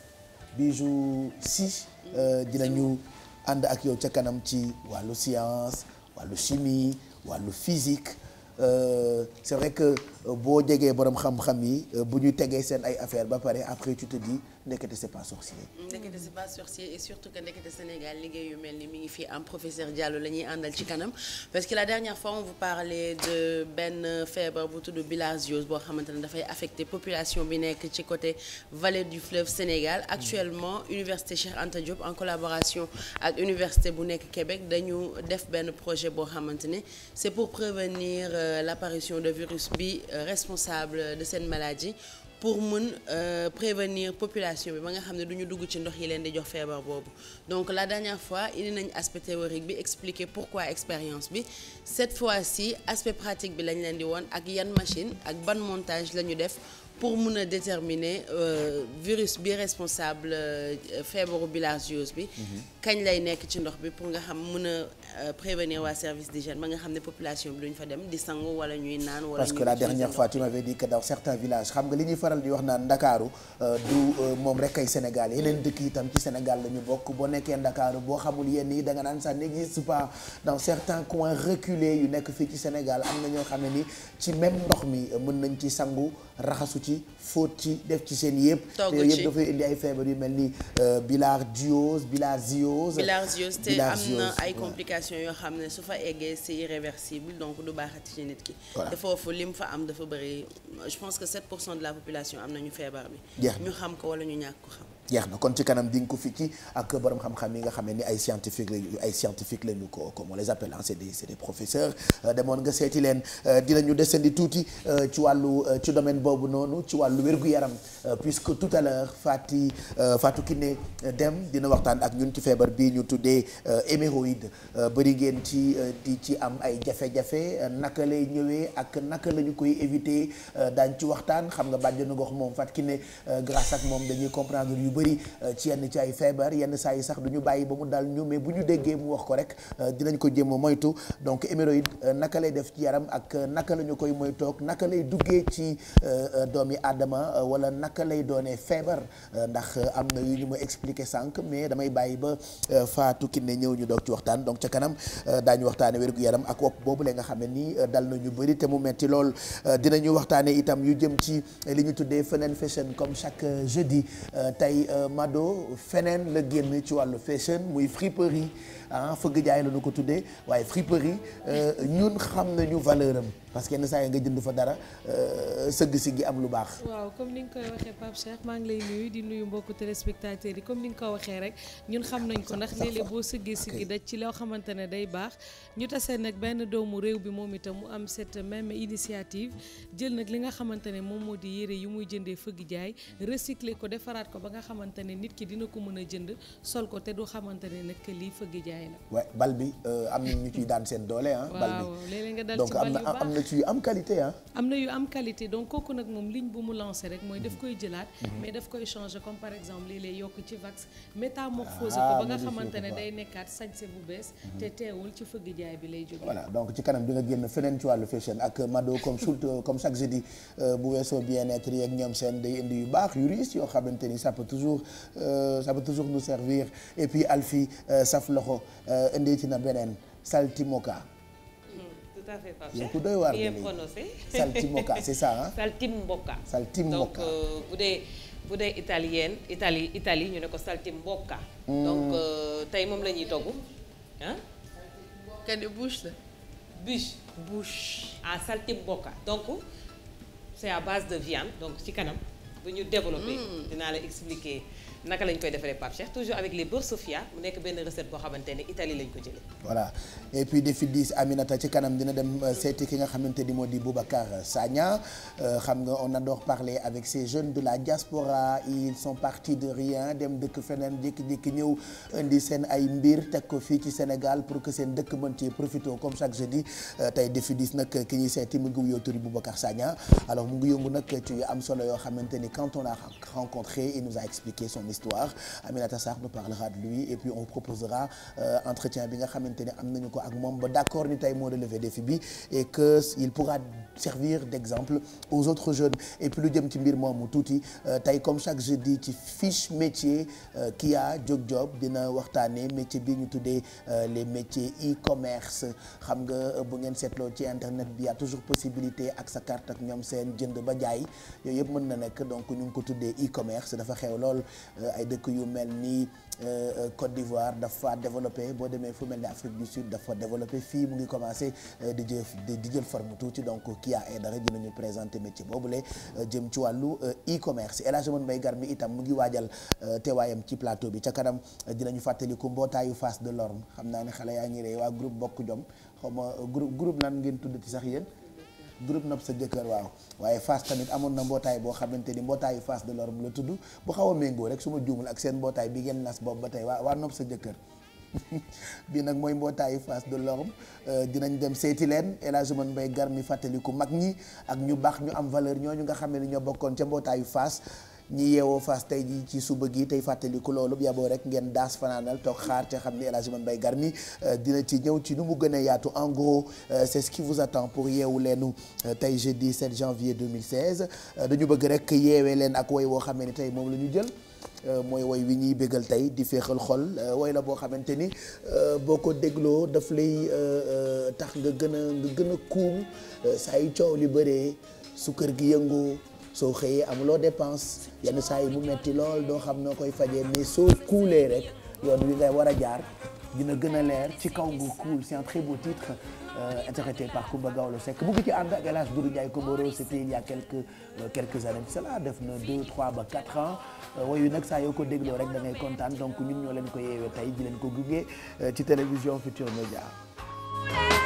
bijou si euh, ñu ànd ak yow ca kanam ci wàllu science wàllu chimie wàllu physique Euh, c'est vrai que euh, boo jegee boroom xam-xam yi euh, bu ñu tegee seen ay affaire ba pare après tu te dis ndekete c'est surtout que ndekete Sénégal liggéey mel ni mi ngi fi am professeur Diallo la ñuy àndal ci kanam parce que la dernière fois on vous de benn feebar bu tudd bilharziose boo xamante ne dafay affecté population bi nekk ci côté vallée du fleuve Sénégal actuellement université Cheikh Anta Diop en collaboration ak université bu nekk Québec dañu def benn projet boo xamante ne c'est pour prévenir euh, l'apparition de virus bi euh, responsable de cette maladie. pour mën euh, prévenir population bi ba nga xam ne du ñu dugg ci ndox yi leen di jox feebar boobu donc la dernière fois indi nañ aspect théorique bi expliquer pourquoi expérience bi cette fois-ci aspect pratique bi lañ leen di woon ak yan machine ak ban montage la ñu def pour mun a déterminer euh, virus bi responsable euh, feebaru bilharziose bi. Mhm. kañ lay nekk ci ndox bi pour nga xam mun a euh, prévenir waa service d'hygiène ba nga xam ne population bi duñ fa dem di sangu wala ñuy naan. wala parce que la dernière fois tu m'avais dit que xam nga li ñuy faral di wax naan Ndakaaru euh, du moom rek ay Sénégal yeneen mm. dëkk itam ci Sénégal la ñu bokk boo nekkee Ndakaaru boo xamul yenn yi da nga naan ça n'existe pas dans certains coins reculés yu nekk fii ci Sénégal am na ñoo xam ne ni ci même ndox mi mën nañ ci sangu ci fóot ci def ci seen yëpp. togg ci yëpp dafay indi ay feebar yu mel nii ni euh, bilharziose bilharziose. bilharziose te am na ay complications yoo xam ne su fa eggee c'est irréversible donc du baaxati ci nit ki. voilà te foofu lim fa am dafa bëri je pense que 7 pour cent de la population am nañu feebar bi. ñu xam ko wala ñu ñàkk ko xam. jeex na kon ci kanam di nga ko fi ci ak borom xam-xam yi nga xamee ni ay scientifique lañu ay scientifique lañu ko comme on les appelle ah c'est des c'est des professeurs euh, demoon nga seeti leen euh, dina ñu dinañu desandi tuuti euh, ci wàllu ci domaine boobu noonu ci wàllu wér-gu-yaram puisque tout à l'heure faatu ki ne dem dina waxtaan ak ñun ci feebar bii ñu tuddee hémorroïde bëri ngeen ci di ci am ay jafe-jafe naka lay ñëwee ak naka lañu koy éviter daañ ci waxtaan xam nga bàjjenu gox moom Fatou Kiné grâce ak moom bëri euh, ci yenn ci ay feebar yenn saa yi sax du ñu bàyyi ba mu dal ñu mais bu ñu déggee mu wax ko rek euh, dinañ ko jéem a moytu donc hémorroïde euh, naka lay def ci yaram ak naka la ñu koy moytoog naka lay duggee ci doomi aadama wala naka lay doonee feebar ndax am na yu ñu ma expliqué sànq mais damay bàyyi ba fa Fatou ne ñëw ñu doog ci waxtaan donc ca kanam daañu waxtaane wérgu yaram ak wopp boobu la nga xam ne nii dal na ñu bëri te mu metti lool dinañu waxtaane itam yu jëm ci li ñu tuddee feneen fashion comme Euh, Mado feneen la génn ci wàllu fashion muy friperie ah fëgg jaay la ñu ko tuddee waaye friperie euh, ñun xam nañu valeur am parce que yenn saa yi nga jënd fa dara euh, sëgg si gi am lu baax. waaw comme ni nga koy waxee Pape Cheikh maa ngi lay nuyu di nuyu mbokku téléspectateurs yi comme ni nga ko waxee rek ñun xam nañ ko ndax léeg-léeg boo sëggee si gi daj ci loo xamante ne day baax ñu tasee nag benn doomu réew bi moom itam mu am cette même initiative jël nag li nga xamante ne moom moo di yére yu muy jëndee fëgg jaay recycler ko defaraat ko ba nga xamante ne nit ki dina ko mën a jënd wa bal bi euh, am na ñu ciy daan seen doole ah. bal bi donc am na am na ci am qualité ah. am yu am qualité donc kooku nag moom ligne bu mu lancé rek mooy daf koy jëlaat. Mhm. Mhm. mais daf koy changer comme par exemple lii lay yokk ci vax métamorphose ah, ko ba nga xamante ne day nekkaat sañse bu bees. Mhm. te teewul ci bi lay jógee. donc ci kanam bi nga génn feneen ci wàllu fashion ak Mado comme surtout comme chaque di euh, bu weesoo bien-être yeeg ñoom seen day indi yu baax yu riis yoo xamante ni ça peut toujours euh, ça peut toujours nous servir et puis Alfie saf loxo. Euh, indee na beneen saltimoka. Hmm, tout à fait Pape ku doy waar bien prononcé saltimoka c'est ça saltimboka saltimboka euh, bu dee bu dee italienne Italie Italie ñu ne ko saltimboka. Hmm. donc euh, tey moom lañuy ñuy togg ah. kenn bouche la. ah saltimboka donc c'est à base de viande donc ci kanam bu ñu développé. Hmm. dinaa la expliquer. naka lañ koy defaree Pape Cheikh toujours avec les boursoufia mu nekk benn recette boo xamante ne Italie lañ ko jëlee. voilà et puis defi Aminata ci kanam dina dem euh, seeti ki nga xamante ni moo di Boubacar Sagna euh, xam nga on adore parler avec ces jeune de la diaspora ils sont partis de rien dem dëkk feneen jékki-jékki ñëw indi seen ay mbir teg ko fii ci Sénégal pour que seen dëkk mën ci profité comme chaque jeudi euh, tey defi diis nag ki ñuy seeti mu ngi yóotu Boubacar Sagna alors mu ngi yëngu nag am solo yoo xamante ni quand a rencontré il l'histoire Aminata Sarr nous parlera de lui et puis on proposera euh, entretien bi nga xamante ne am nañu ko ak moom ba d'accord ni tey moo de relevé défi bi et que il pourra servir d'exemple aux autres jeunes et puis lu jëm ci mbir moom mu tuuti euh, tey comme chaque jeudi ci fiche métier Kia jog Job dina waxtaanee métier bi ñu tuddee euh, les métiers e-commerce xam nga bu ngeen seetloo ci internet bi y toujours possibilité ak sa carte ak ñoom seen jënd ba jaay yooyu yëpp mën na nekk donc ñu ngi ko tuddee e-commerce dafa xew lool Euh, ay dëkk yu mel ni euh, euh, Côte d'Ivoire dafa développé boo demee fu mel ni Afrique du Sud dafa développé fii mu ngi commencé di jël di jël forme tuuti donc kii a ay dara dinañu présenter boobu lee jëm ci wàllu e-commerce El Hadj Mbaye Gar mi itam mu ngi waajal teewaayam ci plateau bi ca kanam nañu fàttaliku mbootaayu face de l'orme xam naa ne xale yaa ngi rey waa groupe bokk jom xaw ma groupe groupe nan ngeen tudd ci sax yéen. groupe nopp sa jëkkër waaw waaye Fass tamit amoon na mbootaay boo xamante ni mbootaayu Fass de l'Orme la tudd bu xaw a méngoo rek su ma juumul ak seen mbootaay bi ngeen nas boobu ba tey waa waa nopp sa jëkkër bii nag mooy mbootaayu Fass de l'Orme euh, dinañ dem seeti leen El Hadj Oumar Mbaye gar mi fàttaliku mag ñi ak ñu baax ñu am valeur ñu nga xam ne ñoo bokkoon ca mbootaayu Fass ñi yeewoo Fass tey ji ci suba gi tey fàttaliku loolu yaboo rek ngeen daas fanaanal toog xaar te xam ni El Hadji Mame euh, dina ci ñëw ci nu mu gën a yaatu en gros euh, c'est ce qui vous attend pour yeewu leenu euh, tey jeudi 7 janvier dañu bëgg rek yeewee leen ak woy woo xamee ni tey moom la ñu jël mooy woy wi ñuy béggal tey di féexal xol woy la boo xamante ni boo ko dégloo daf lay tax nga gën a nga gën a kuum saa yu coow li bëree su kër gi yëngoo soo xëyee amuloo dépense yenn saa yi mu metti lool doo xam noo koy fajee mais soo kuulee rek yoon wi ngay war a jaar dina gën a leer ci kaw ngu kuul c'est un bu beau titre euh, interprété par Coumba Gawlo Seck bu ci ànd ak El Hadj Doudou Ndiaye Koboro c'était il y a quelques euh, quelques def na deux trois ba quatre ans euh, wayu nag saa yoo ko dégloo rek da ngay kontaan donc ñun ñoo leen ko yeewee tey di leen ko gungee ci télévision Futurs média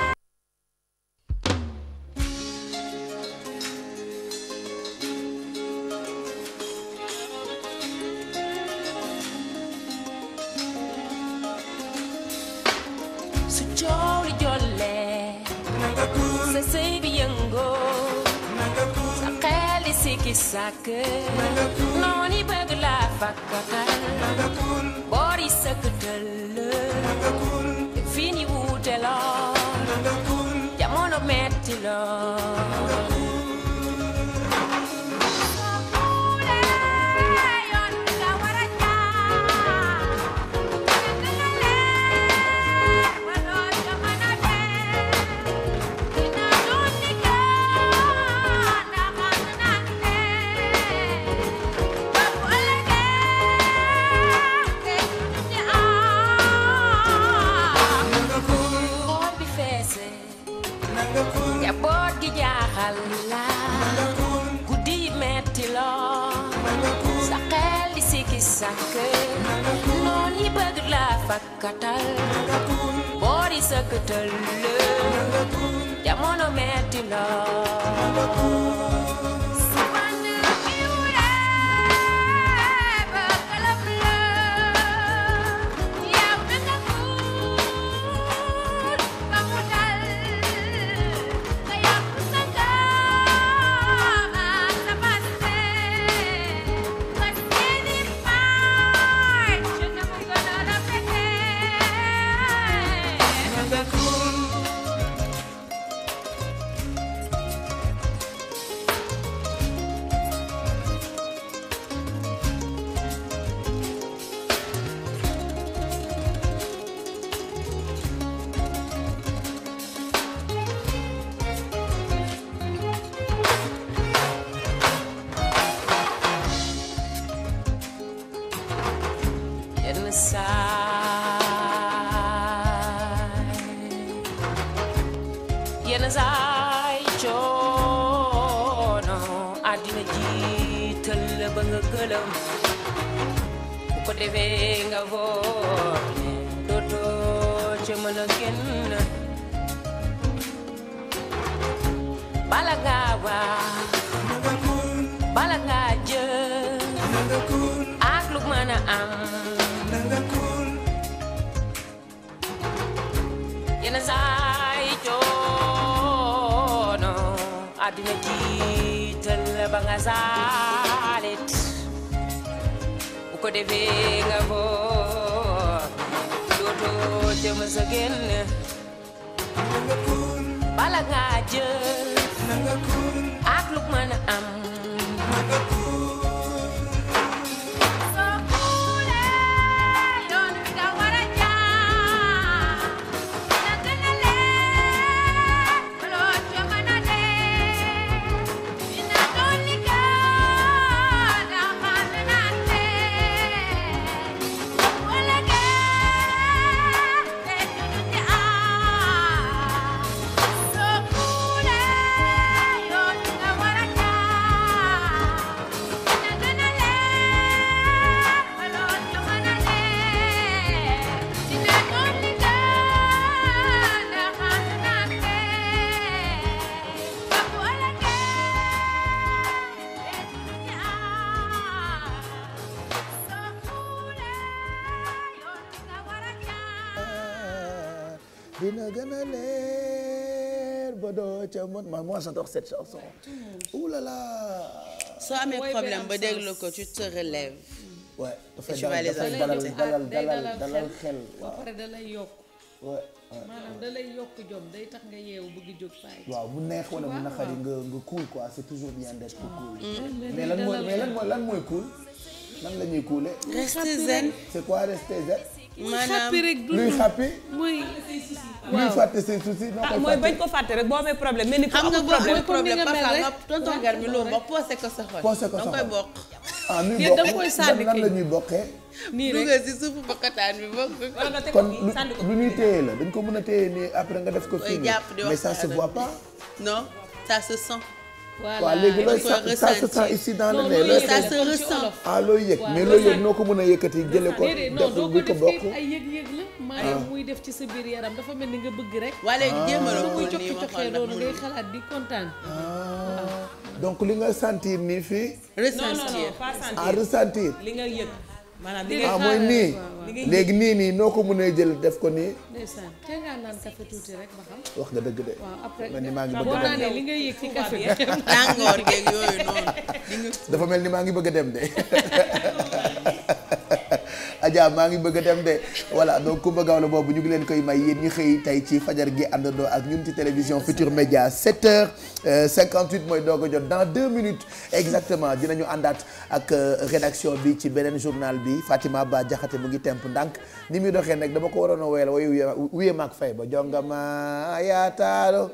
dina gën a leer ba doo ca mën man moi j'adore cette chanson ouh là là soo amee problème ba déglu ko tu te relèves waaw dafay dalal ah, dalal dalal dalal xel waaw après da lay yokk maanaam da lay jom day tax nga yeewu bëgg jóg bàyyi waaw bu neex wala bu na nga nga cool quoi c'est toujours bien d'être cool mais lan lan mooy lan mooy cool nan la ñuy coolé rester zen c'est maanaam luy xàppi luy fàtte say soucis ah, mooy bañ ko fàtte rek boo amee problème mel ni ko amul problème problème parce que tonton Garmi loolu sa xol ah nuy bokk nan la ñuy bokkee nii rek dugal si suufu bokkataan bi bokk kon lu ñuy téye la dañ ko mën a téye nii après nga def ko fii mais ça se voit pas non ça se sent voilà waaw léegi looy ça se sent ici dans le nez looy ça se ressent ah looy yëg mais looy yëg noo ko mën a yëkkati jële ko def bu ko bokk ay yëg-yëg la ah. maanaam muy def ci sa biir yaram dafa mel ni nga bëgg rek wala ah. jéem a koy coxi coxee loolu ngay xalaat di kontaan ah. donc li nga sentir nii fii ressentir ah ressentir li nga yëg maanaam li mooy nii léegi nii nii noo ko mënee jël def ko nii. ndeysaan te nga rek ba xam. wax nga dëgg de. waaw après ni maa ngi bëgg dafa mel ni maa ngi bëgg a dem de. Adja maa ngi bëgg a dem de voilà donc Coumba Gawlo boobu ñu ngi leen koy may yéen ñi xëy tey ci fajar gi àndandoo ak ñun ci télévision Futur Média 7h58 euh, mooy doog a jot dans 2 minutes exactement dinañu àndaat ak euh, rédaction bi ci beneen journal bi Fatima Ba Jaxate mu ngi temp ndànk ni muy doxee nag dama ko waroon a woyal waaye wuyee maak fay ba jongama yaataalo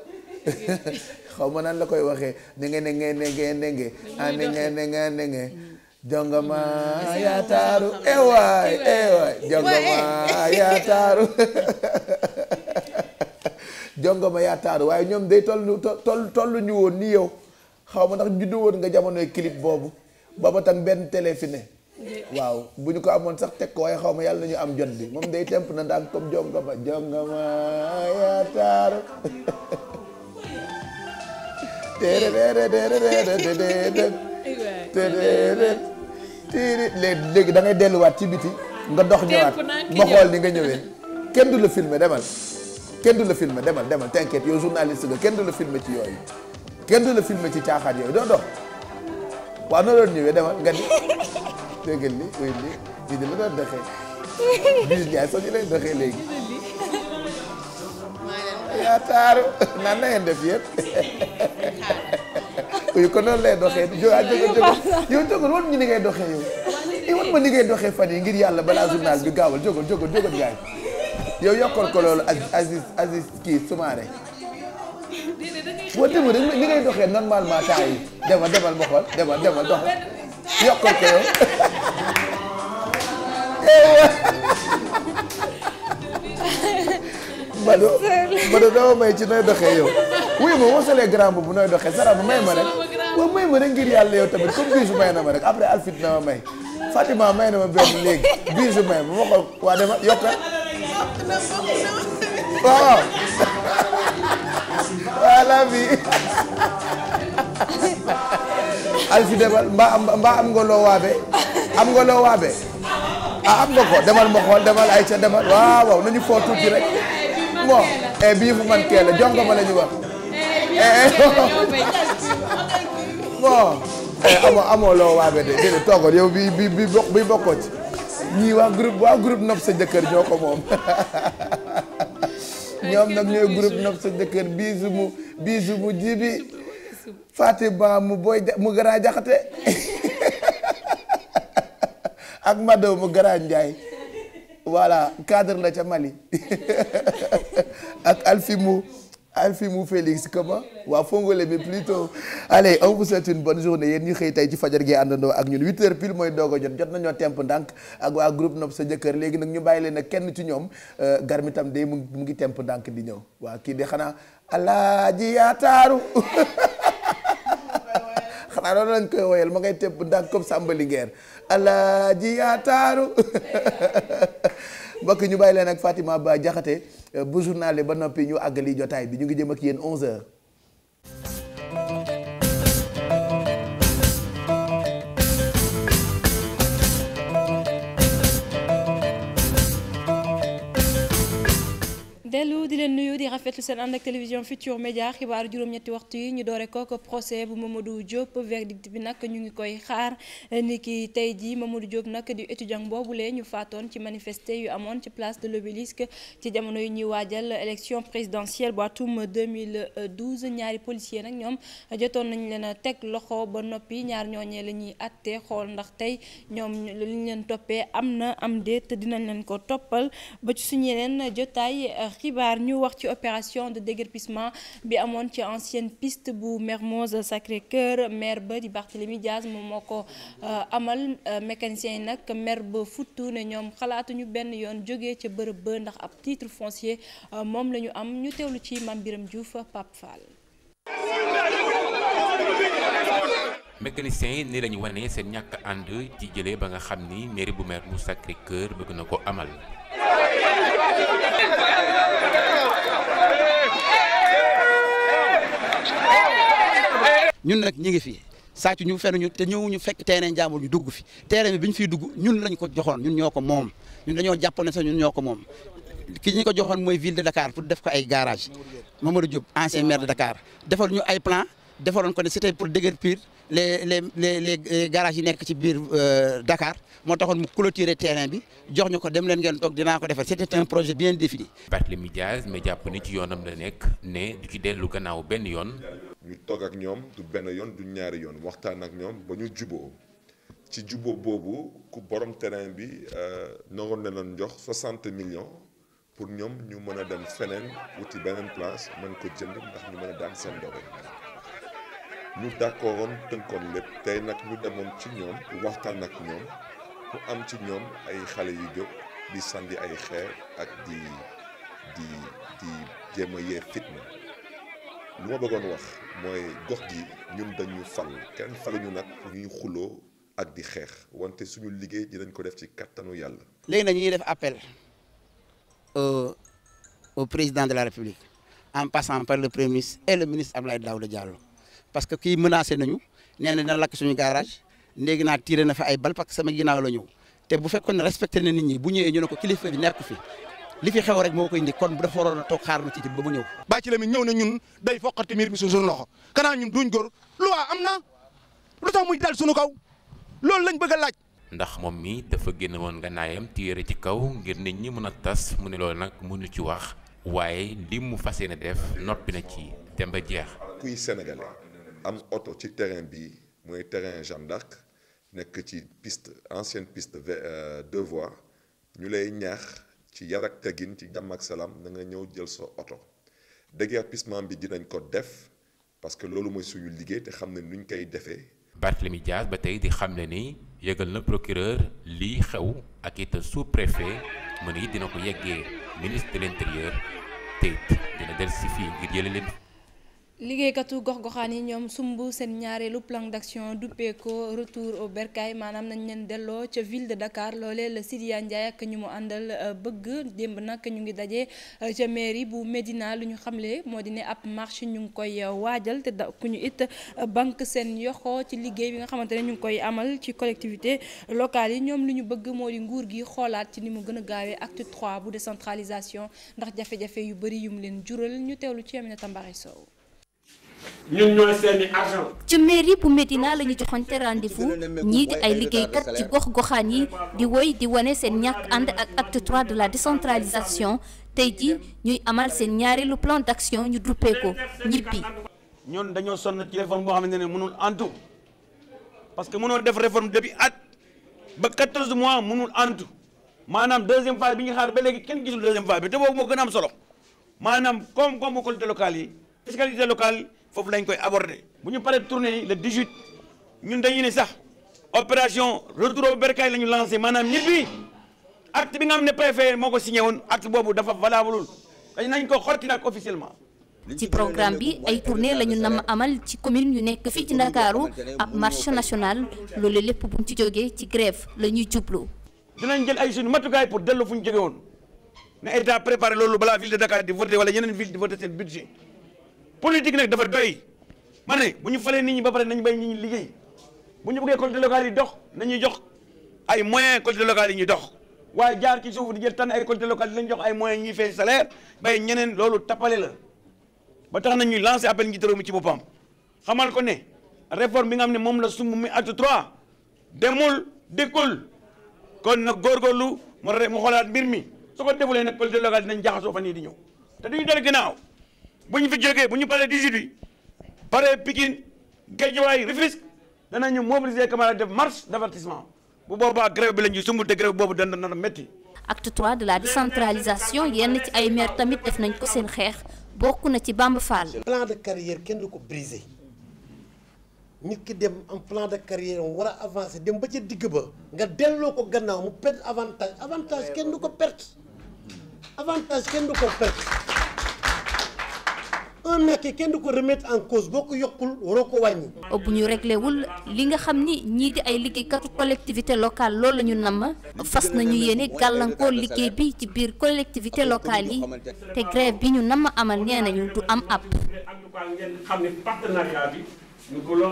xaw ma nan la koy waxee ne nge ne nge ne nge jongama yaa taaru ewaay ewaay eh. jongama eh. yaa taaru jongama yaa waaye ñoom day tollu toll tollu ñu woon ni yow xaw ma ndax juddu woon nga jamonoy clip boobu booba tam benn télé fi ne waaw bu ñu ko amoon sax teg ko waaye xaw ma yàlla nañu am jot bi moom day temp na ndànk comme jongama jongama yaa taaru déedéet déedéet déedéet léegi dangay delluwaat ci biti nga dox ñëwaat ma xool ni nga ñëwee kenn du la filmer demal kenn du la filmer demal demal t'inquiète yow journaliste nga kenn du la filmer ci yooyu kenn du la filmer ci caaxaat yooyu doo dox waaw noo doon ñëwee demal nga ni déggal li uy li ñi di la doon doxee bis ñaay soo ñu lay doxee léegi yaa taaru naan na ngeen def yëpp ko yu ko noonu lay doxee jo a jóg yow jógal wan ñu ni ngay doxee yow i wan ma ni ngay doxee fan yi ngir yàlla balaa journal bi gaawal jógal jógal jógal gaay yow yokkal ko loolu Aziz Aziz kii Soumaré wante mu ni ngay doxee normalement temps yi demal demal ma demal demal dox yokkal ko yow Mado Mado dama may ci nooy doxee yow wuyu ma woo solee grand boobu nooy doxee sara ma may ma rek waaw may ma rek ngir yàlla yow tamit comme biisu may na ma rek après alfit na ma may Fatima may na ma benn léegi biisu may ma xool waa dama yokkal waaw voilà bi alfi demal mbaa am nga loo waabe am nga loo waabe ah am nga ko demal ma xool ay ca demal waaw waaw nañu foo tuuti rek bon e eh, bii fu man kee la jox ko ma la ñu wax eh, bon eh, amoo amoo loo waabee de déedéet toogal yow bi bi bi ñii waa groupe waa groupe nopp sa jëkkër ñoo ko moom ñoom nag ñooy groupe nopp sa jëkkër biisu mu biisu mu jibi Fatima mu booy mu garaa jaxate ak Mado mu garaa Njaay voilà cadre la ca Mali ak Alfimou Alfimou Félix comment waa Fongolé bi plutôt allez on vous souhaite une bonne journée yéen ñu xëy tey ci fajar gi àndandoo ak ñun 8 heures mooy doog a jot jot nañoo temp ndànk ak waa groupe Nopp sa jëkkër léegi nag ñu bàyyi leen ak kenn ci ñoom euh, garmi tam de mu ngi temp ndànk di ñëw waa kii de xanaa alaaji yaataaru xanaa loolu lañ koy woyal ma ngay tepp ndànk comme Samba Linguère alaaji yaataaru mbokk ñu bàyyi leen ak Fatima Ba Jaxate euh, bu journal ba noppi ñu àggali jotaay bi ñu ngi jëm ak yéen 11h. dellu di leen nuyu di rafetlu seen ànd ak télévision Futurs Médias xibaaru juróom-ñetti waxtu yi ñu doore ko procès bu Mamadou Diop verdict bi nag ñu ngi koy xaar ni ki tey jii Mamadou Diop nag di étudiant boobulee ñu faatoon ci manifester yu amoon ci place de l'Obélisque ci jamono yi ñuy waajal élection présidentielle bu atum 2012 ñaari policier nag ñoom jotoon nañ leen a teg loxo ba noppi ñaar ñooñee la ñuy àtte xool ndax tey ñoom liñ leen toppee am na am déet dinañ leen ko toppal xibaar ñu wax ci opération de déguerpissement bi amoon ci ancienne piste bu Mermoz Sacré-Cœur maire ba di Barthélémy jaas moom moo ko euh, amal euh, mécanicien yi nag maire ba futtu ne ñoom xalaatuñu benn yoon jógee ca bërëb ba ndax ab titre foncier euh, moom lañu am ñu teewlu ci Mame Biram Diouf Pape Fall. mécaniciens yi ni lañu wane seen ñàkk ànd ci nga xam ni mairie bu Mermoz sacré na ko amal. ñun nag ñu ngi fi sàcc ñu fenu ñu te ñu fekk terrain jàmbur ñu dugg fi terrain bi bi ñu fiy dugg ñun lañ ko joxoon ñun ñoo ko moom ñun dañoo jàppoon ne sax ñun ñoo ko moom ki ñu ko joxoon mooy ville de Dakar pour def ko ay garage Mamadou Diop ancien maire de Dakar defal ñu ay plan defaroon ko ne c'était pour déguerpir les les les les garages yi nekk ci biir euh, Dakar moo taxoon mu clôturer terrain bi jox ñu ko dem leen ngeen toog dinaa ko defar c'était un projet bien défini. Barthélémy Diaz mais jàpp ne ci yoonam la nekk ne du ci dellu gannaaw benn yoon. ñu toog ak ñoom du benn yoon du ñaari yoon waxtaan ak ñoom ba ñu juboo ci juboo boobu ku borom terrain bi euh, nangoon na leen jox 60 millions pour ñoom ñu mën a dem feneen wuti beneen place mën ko jënd ndax ñu mën a daan seen doole ñu d'accordoon tënkoon lépp tey nag ñu demoon ci ñoom waxtaan ak ñoom ku am ci ñoom ay xale yu jóg di sandi ay xeer ak di di di jéem a yee fitna lu ma bëggoon wax mooy gox gi ñun dañu fal kenn faluñu nag ñuy xuloo ak di xeex wante suñu liggéey dinañ ko def ci kattanu yàlla. léegi nag ñuy def appel au euh, au président de la république en passant par le premier ministre et la ministre Abdoulaye Daouda Diallo parce que kii menacé nañu nee na dina lakk suñu garage léegi naa tiré na fa ay bal parce que sama ginnaaw la ñëw te bu fekkoon na respecte na nit ñi bu ñëwee ñu ne ko kilifa bi nekk fi. li fi xew rek moo koy indi kon bu dafa waroon a toog xaar ma ci ba mu ñëw. bàyyi ci la mi ñëw na ñun day foqati miir bi suñu suñu loxo kanaa ñun duñ góor lu waa am na lu tax muy dal suñu kaw loolu lañ bëgg a laaj. ndax moom mi dafa génne woon gànnaayam téere ci kaw ngir nit ñi mën a tas mu ne loolu nag mënu ci wax waaye li mu fas yéene def noppi na ci dem ba jeex. kuy sénégalais am oto ci terrain bi mooy terrain Jeanne d'Arc nekk ci piste ancienne piste euh, deux voies ñu lay ci yar ak teggin ci jàmm ak salaam na nga ñëw jël soo oto déguerpissement bi dinañ ko def parce que loolu mooy suñu liggéey te xam ne ñu koy defee. Barthélemy Dias ba tey di xam ne ni yëgal na procureur lii xew ak it sous-préfet mën yi dina ko yeggee ministre de l'intérieur te it dina dellu si fii ngir jëlee liggéeykatu gox-goxaan yi ñoom sumb seen ñaareelu plan d'action duppeeko retour au maanaam nañ leen delloo ca ville de Dakar loolee la Sidiya Ndiaye ak ñu mu àndal euh, bëgg démb nag ñu ngi daje euh, ca mairie bu Médina lu ñu xamle moo di ne ab marche ñu ngi koy euh, waajal te da ku ñu it banque seen yoxo ci liggéey bi nga xamante ne ñu ngi koy amal ci collectivité locale yi ñoom lu ñu bëgg moo di nguur gi xoolaat ci ni mu gën a gaawee acte trois bu décentralisation ndax jafe yu bëri yu mu leen jural ñu teewlu ci Aminata Mbaye Sow ñun ñooy seeni argent. ci mairie bu Médina la ñu joxante rendez-vous ñii di ay liggéeykat ci gox-goxaan yi di woy di wane seen ñàkk ànd ak acte 3 de la décentralisation tey ji ñuy amal seen ñaareelu plan d'action ñu duppee ko ñibbi. ñoom dañoo sonn ci réforme boo xamante ne mënul antu parce que mënoo def réforme depuis at ba 14 mois mënul antu maanaam deuxième phase bi ñu xaar ba léegi kenn gisul deuxième phase bi te boobu moo gën a am solo maanaam comme comme collectivités locales yi foofu lañu koy aborder bu ñu paree tournée yi le 18 ñun dañu ne sax opération retour au bercail la ñu lancé maanaam nit bi acte bi nga xam ne préfet moo ko signé woon acte boobu dafa valable dañ nañ ko xotti nag officiellement. ci programme bi ay tournée ñu nam amal ci commune yu nekk fii ci Ndakaaru ab marche nationale loolu lépp bu ñu ci jógee ci grève la ñuy jublu. dinañ jël ay suñu matukaay pour dellu fu ñu jógee woon état préparé loolu balaa ville de Dakar di voté wala yeneen ville di voté seen budget. politique nag dafa doy ma ne bu ñu falee nit ñi ba pare nañ bay nit ñi liggéey bu ñu bëggee collectivités locales yi dox nañuy jox ay moyens collectivités locales yi ñuy dox waaye jaar ci suuf di jël tànn ay collectivités locales yi lañ jox ay moyens ñuy fay salaire bay ñeneen loolu tappale la ba tax na ñuy lancé appel njiitu réew mi ci boppam xamal ko ne réforme bi nga xam ne moom la sumb mi acte trois demul dikkul kon nag góorgóorlu mu xoolaat mbir mi su ko defulee nag collectivités locales dinañ jaxasoo fan yii di ñëw te duñu dal ginnaaw bu ñu fi jógee bu ñu paree 18 bi paree Pikine Guédiawaye Rufisque danañu mobiliser camarades def marche d'avertissement bu booba grève bi la ñuy sumbul te grève boobu dana dana métti. acte 3 de la décentralisation yenn ci ay maire tamit def nañ ko seen xeex bokk na ci Bamba Fall. plan de carrière kenn du ko briser nit ki dem am plan de carrière war a avancer dem ba ca digg ba nga delloo ko gannaaw mu perdre avantage avantage kenn du ko perte avantage kenn du ko un métier ko remettre en cause boo ko yokkul waroo ko wàññi. bu ñu réglé wul li nga xam ni ñii di ay liggéeykatu collectivité locale loolu la ñu namm fas nañu yéene gàllankoor liggéey bi ci biir collectivité locale yi te grève bi ñu namm amal nee nañu du am ab. Nous voulons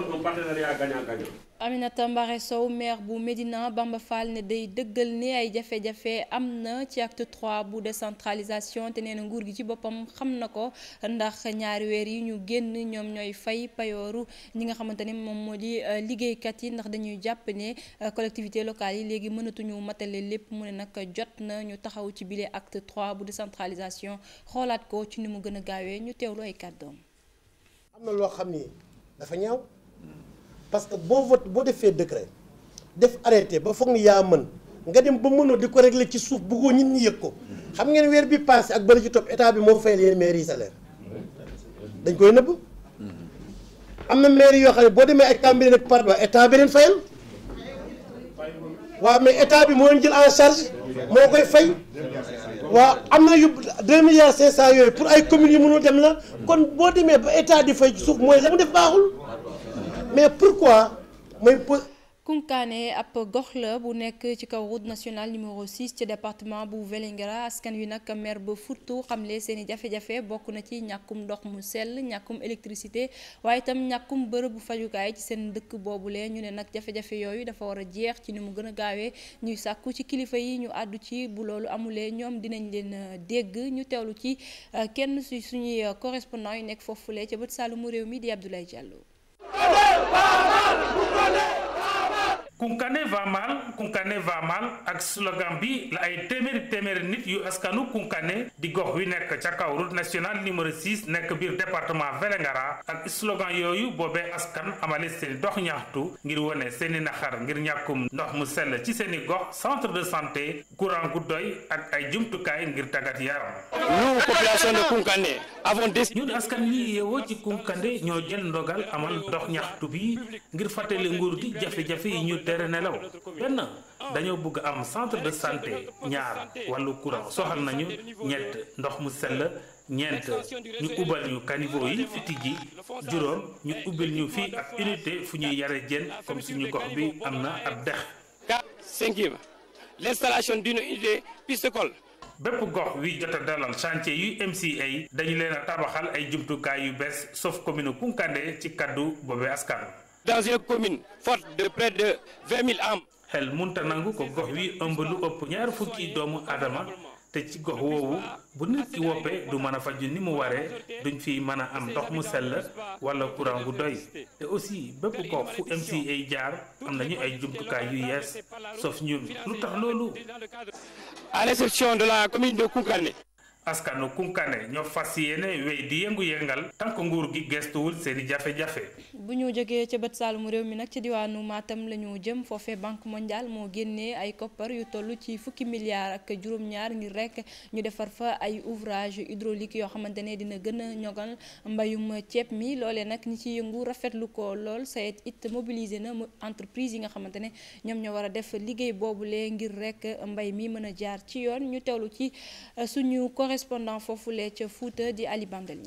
un Sow maire bu Médina Bamba Fall ne day dëggal ni ay jafe-jafe am na ci acte 3 bu décentralisation te nee na nguur gi ci boppam xam na ko ndax ñaari weer yi ñu génn ñoom ñooy fay payooru ñi nga xamante ne moom moo di euh, liggéeykat yi ndax dañuy jàpp ne euh, collectivité locale yi léegi mënatuñu matale lépp mu ne nag jot na ñu taxaw ci bile acte 3 bu décentralisation xoolaat ko ci ni mu gën a gaawee ñu teewlu ay kàddoom. dafa ñaaw parce que boo vote boo defee décret def arrêté ba foog ni yaa mën nga dem ba mënoo di ko régler ci suuf bëggoo nit ñi yëg ko xam ngeen weer bi passé ak bëri ci topp état bi moo fayal yéen maire yi salaire dañ koy nëbb am na maire yoo xam ne boo demee ay Cambérène ak Patte d'Oie état beneen fayal waaw mais état bi moo leen jël en charge moo koy fay waaw am na yu deux milliards cinq cent yooyu pour ay commune yu mënul dem na kon boo demee ba état di fay suuf mooy la mu def baaxul mais pourquoi mooy Kounkané ab gox la bu nekk ci kaw route nationale numéro 6 ci département bu Vélingara askan wi nag maire ba furtu xamle seen i jafe-jafe bokk na ci ñàkkum ndox mu sell ñàkkum électricité waaye itam ñàkkum bërëbu fajukaay ci seen dëkk boobule ñu ne nag jafe-jafe yooyu dafa war a jeex ci ni mu gëna gaawee ñuy sàkku ci kilifa yi ñu àddu ci bu loolu amulee ñoom dinañ leen euh, dégg ñu teewlu ci euh, kenn su suñuy euh, correspondant yu nekk foofule ca bët saalumu réew mi di Abdoulaye Diallo. kunkane va mal kunkane va mal ak slogan bi la ay téeméeri téeméeri nit yu askanu kunkane di gox wi nekk ca kaw route nationale numéro 6 nekk biir département Vélingara ak slogan yooyu boobee askan amale seen dox ñaxtu ngir wone seeni naxar ngir ñàkkum ndox mu sell ci seeni gox centre de santé courant gu doy ak ay jumtukaay ngir tàggat yaram. nous population de Kunkande avons décidé. ñun askan wi yeewoo ci Kunkande ñoo jël ndogal amal dox ñaxtu bi ngir tere nelaw benn dañoo bëgg am centre de santé ñaar wàllu courant soxal nañu ñett ndox mu sell ñeent ñu ubbal ñu caniveau yi fi tijji juróom ñu ubbil ñu fii ak unité fu ñuy yare jën comme suñu gox bi am na ab dex. cinquième l'installation d'une unité piscicole. bépp gox wi jot a dalal chantier yu MCA dañu leen a tabaxal ay jumtukaay yu bees sauf commune Koukandé ci kaddu boobee askan. dans une commune de près de 20 000 âmes. xel munta nangu ko gox wi ëmb lu ëpp ñaar fukki doomu aadama te ci gox woowu bu nit ki woppee du mën a faju ni mu waree duñ fi mën a am ndox mu sell wala courant bu doy te aussi bépp gox fu MCA jaar am nañu ay jumtukaay yu yees sauf ñun lu tax loolu. à l'exception de la commune de Koungane. askanu kunkane ñoo fas yéene wéy di yëngu-yëngal tànk nguur gi gestuwul seeni jafe-jafe bu ñu jógee ca bët saalumu réew mi nag ci diwaanu Matam la jëm foofee banque mondiale moo génnee ay koppar yu toll ci fukki milliards ak juróom-ñaar ngir rek ñu defar fa ay ouvrage hydraulique yoo xamante ne dina gën a ñogal mbayum ceeb mi loolee nag ñi ci yëngu rafetlu ko lool sayet it mobilisé na entreprise yi nga xamante ne ñoom ñoo war a def liggéey boobule ngir rek mbay mi mën a jaar ci correspondant foofulee ca Fouta di Ali Bandel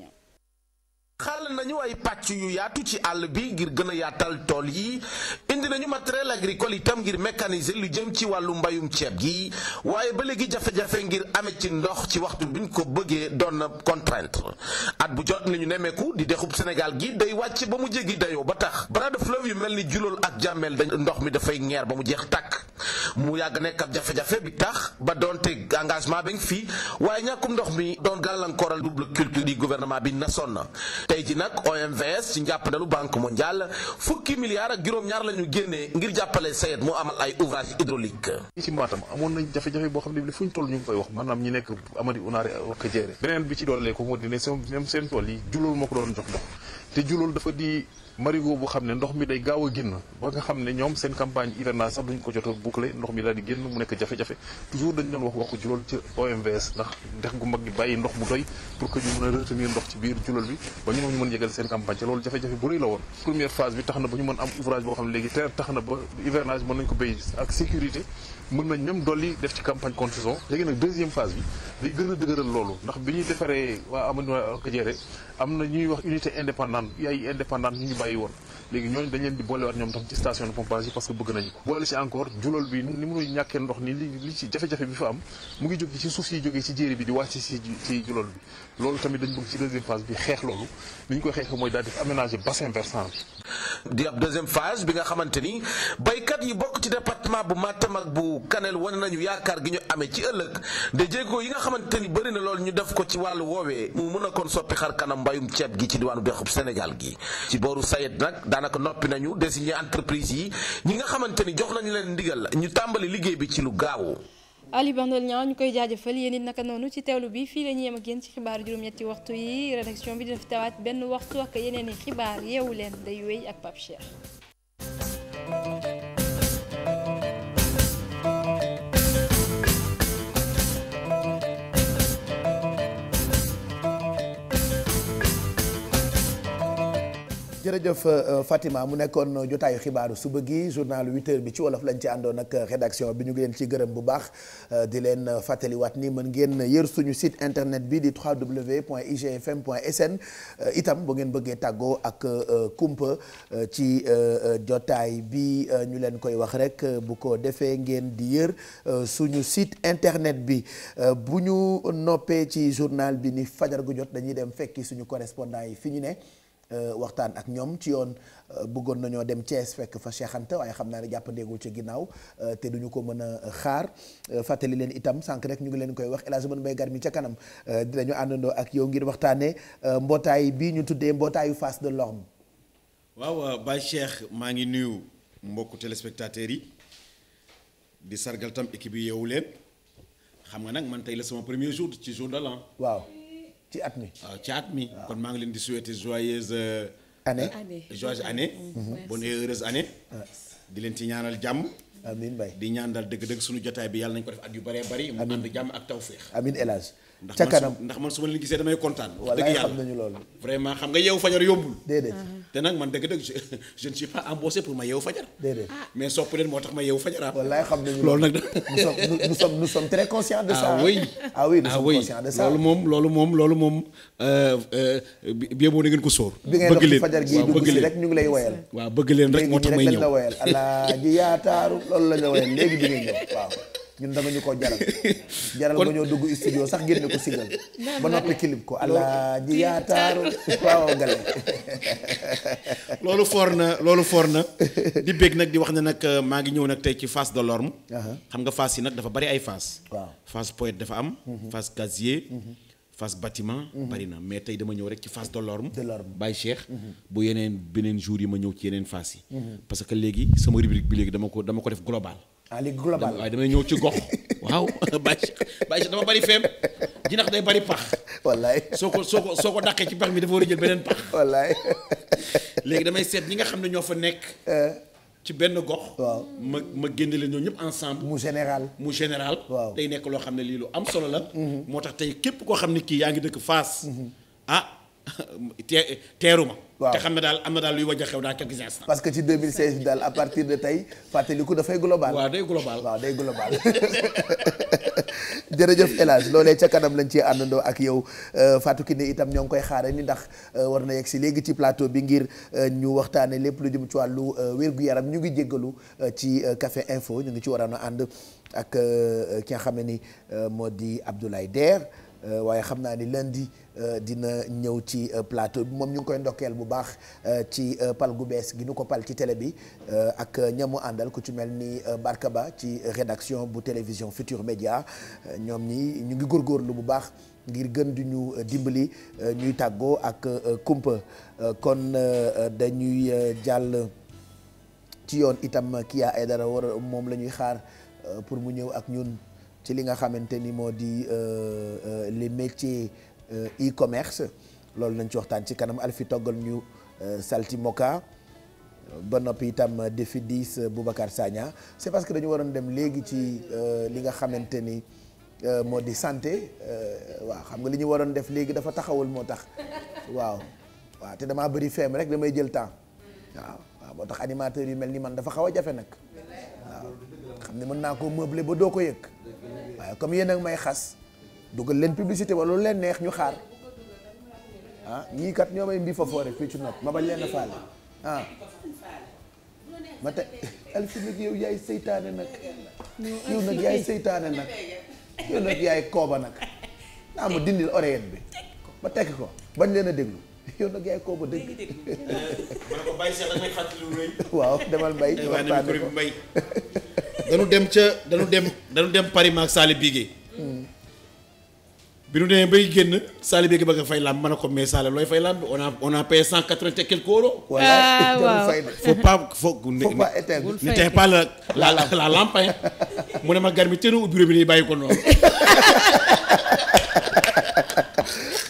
xàll nañu ay pàcc yu yaatu ci àll bi ngir gën a yaatal tool yi indi nañu matériel agricole itam ngir mécaniser lu jëm ci wàllu mbayum ceeb gi waaye ba léegi jafe-jafe ngir amee ci ndox ci waxtu buñ ko bëggee doon na contrainte at bu jot nañu nemmeeku di dexub Sénégal gi day wàcce ba mu jéggi dayoo ba tax bras de yu mel ni Julol ak Jàmmeel dañ ndox mi dafay ñeer ba mu jeex tàkk mu yàgg nekk ab jafe-jafe bi tax ba doonte engagement bañ fii waaye ñàkkum ndox mi doon gàllankooral double culture di gouvernement bi nasoon na tey ji nag OMVS ci njàppandalu banque mondiale fukki milliards ak juróom-ñaar la ñu génnee ngir jàppale SAED mu amal ay ouvrage hydraulique ci Matam amoon nañ jafe-jafe boo xam ne bi fu ñu toll ñu ngi koy wax maanaam ñi nekk Amady Unaare ak Jéere beneen bi ci doolee ko moo di ne seen seen yi julool moo ko doon jox ndox te julool dafa di marigot boo xam ne ndox mi day gaaw a génn ba nga xam ne ñoom seen campagne hivernage sax ko jot a boucler ndox mi daal di génn mu nekk jafe-jafe toujours dañ doon wax waxu julal ci OMVS ndax dex gu mag gi bàyyi ndox mu doy pour que ñu mën a retenir ndox ci biir julal bi ba ñoom ñu mën yëgal seen campagne ci loolu jafe-jafe bu rëy la woon première phase bi tax na ba ñu mën am ouvrage boo xam léegi terre tax na ba hivernage mën nañ ko béy ak sécurité mën nañ même dolli def ci campagne contre saison léegi nag deuxième phase bi day gën a dëgëral loolu ndax bi ñuy defaree waa Amadou Kadiéré am na ñuy wax unité indépendante ay indépendante ñu ñu bàyyi woon léegi ñooñu dañ leen di boolewaat ñoom tam ci station de pompage yi parce que bëgg nañu ko boole si encore julal bi ni mënu ñàkkee ndox ni li li ci jafe-jafe bi fa am mu ngi jóge ci suuf yi jógee ci jéeri bi di wàcc si ci julal bi loolu tamit dañ bëgg ci deuxième bi xeex loolu li ñu koy xeex mooy daal di aménager bassin versant bi. di ab deuxième phase bi nga xamante ni béykat yi bokk ci département bu Matam ak bu kaneel wane nañu yaakaar gi ñu amee ci ëllëg de jéego yi nga xamante ni bëri na loolu ñu def ko ci wàllu woowee mu mën soppi xar kanam mbayum ceeb gi ci diwaanu dexub Sénégal gi. ci booru sayet nag daanaka noppi nañu désigné entreprise yi ñi nga xamante ni jox nañu leen ndigal ñu tàmbali liggéey bi ci lu gaaw Ali Bandolña ñu koy jaajëfal yéen it naka noonu ci teewlu bi fii la ñuy yem ak yéen ci xibaaru juróom-ñetti waxtu yi rédaction bi dina fi tawaat benn waxtu ak yeneen i xibaar yeewu leen day wéy ak Pape Cheikh. jërëjëf euh, euh, Fatima mu nekkoon jotaayu xibaaru su gi journal 8h bi ci wolof lañ ci àndoon ak rédaction bi ñu ngi ci gërëm bu baax euh, di leen fàttaliwaat ni mën ngeen yër suñu site internet bi di www.igfm.sn itam bu ngeen bëggee tàggoo ak kumpa ci jotaay bi ñu leen koy wax rek bu ko defee ngeen di yër suñu site internet bi bu ñu noppee ci journal bi ni fajar gu jot dañuy dem fekki suñu correspondant yi fi ñu ne. Euh, waxtaan ak ñoom ci yoon euh, bëggoon nañoo dem Thiès fekk fa Cheikh waaye xam naa ne jàppandeegul ci ginnaaw euh, te duñu ko mën a xaar fàttali leen itam sànq rek ñu ngi leen koy wax El Hadj Mane Mbaye Garmi ca kanam dinañu àndandoo ak yow ngir waxtaanee mbootaay bii ñu tuddee mbootaayu face de l'orme waaw Baye Cheikh maa ngi nuyu mbokku téléspectateurs yi di sargal tam équipe yi yeewu leen xam nga nag man tey la sama premier jour ci jour de l'an waaw ci at mi waaw ah, ci at mi ah. kon maa ngi leen di souhaiter joyeuse euh, année joyeuse année mhm. bonne et heureuse année di leen ci ñaanal jàmm amiin bay di ñaan daal dëgg-dëgg suñu jotaay bi yàlla nañ ko def at yu bëree bëri mu ànd jàmm ak tawféex amiin El Hadj ca kanam ndax man su ma leen gisee damay kontaan. dëgg yàlla xam nañu loolu. vraiment xam nga yeewu fajar yombul. déedéet te nag man dëgg-dëgg je suis pas embauché pour ma yeewu fajar. Ah. mais sopp leen moo tax ma yeewu fajar. wallaay xam nañu loolu nag. nous sommes nous sommes nous sommes très conscients de ah ça. ah oui ah oui nous ah sommes de ça. loolu moom loolu moom loolu moom euh, euh, bi boo na ko sóor. bëgg leen fajar gi rek ñu ngi lay woyal. waaw bëgg leen rek moo tax may ñëw léegi ñu rek lañ la woyal loolu la ñu woyal léegi ñëw waaw ñun da ñu koo jaral jaral nga ñoo dugg studio sax génne ko singal ba noppi clip ko allah ji yaataaru waaw ngale loolu foor na loolu foor na di bég nag di wax na nag euh, maa ngi ñëw nag tey ci face de l'orme xam nga face yi nag dafa bari ay face waaw face poète dafa am mhm. face casier mhm. face bâtiment mhm. bari na mais tey dama ñëw rek ci face de l'orme Baye Cheikh bu yeneen beneen jour yi ma ñëw ci yeneen face yi parce que léegi sama rubrique bi léegi dama ko dama ko def global ah léegi global waaye damay ñëw ci gox waaw bàyyi bàyyi dama bari feem jinax day bari pax. wallaay soo ko soo ko soo ko dàqee ci pax mi dafa war a jël beneen pax. wallaay léegi damay seet ñi nga xam ne ñoo fa nekk. Eh. ci benn gox. ma ma génne leen ñoom ñëpp ensemble. mu général mu général. waaw day nekk loo xam ne lii lu am solo la. Mm-hmm. moo tax tey képp koo xam ne kii yaa ngi dëkk Fass. Mm-hmm. ah teeru ma. waaw te xam daal am na daal luy wàññi xew daal quelques parce que ci 2016 bi daal à partir de tey fàttaliku dafay global. waaw day global waaw day global. jërëjëf El loolee ca kanam lañ ci àndandoo ak yow euh, Fatou Kiné itam ñoo ngi koy xaare ni ndax euh, war na yegg si léegi ci plateau bi ngir euh, ñu waxtaanee lépp lu jëm ci wàllu wér yaram ñu ngi jéggalu ci Café Info ñu ngi ci waroon a ànd ak ki nga xam ne ni moo di Abdoulaye Der Euh, waaye xam naa ni lundi euh, dina ñëw ci euh, plateau bi moom ñu ngi koy ndokkeel bu baax ci pal gu bees gi ñu ko pal ci télé bi ak ñamu àndal ku ci mel ni Barka Ba ci rédaction bu télévision Futur Média ñoom ñi ñu ngi góor góorlu bu baax ngir gën di ñu dimbali ñuy tàggoo ak kumpa kon dañuy jàll ci yoon itam Kya Aidara war moom la ñuy xaar pour mu ñëw ak ñun ci li nga xamante ni moo di euh, euh, les métiers euh, e-commerce loolu nañ ci waxtaan ci kanam Alfi toggal ñu salti moka ba noppi itam défi 10 Boubacar Sagna c'est parce que dañu waroon dem léegi ci li nga xamante ni moo di santé waaw xam nga li ñu waroon def léegi dafa taxawul moo tax waaw waaw te damaa bëri feem rek damay jël temps waaw waaw moo tax animateur yu mel ni man dafa xaw a jafe nag waaw xam ne mën naa koo meubler ba doo ko yëg waaye comme yéen ak may xas dugal leen publicité wala lu leen neex ñu xaar ah, ñii kat ñoo may mbi fa foore fii ci nopp ma bañ leen a faale ah. ma te alfine yow yaay seytaane nag yow nag yaay seytaane nag yow nag kooba nag naa ah, ma dindil oreillette bi ma tekki ko bañ leen a déglu yow nag yaay ko Baye Cheikh danga may fàttali dem ca dañu dem dañu dem Paris maak Sali Bigué. bi nu Sali Bigué ba nga fay lamb ne ko mais looy a on a payé mu ne ma tënu ubbi bi nii bàyyi ko noonu.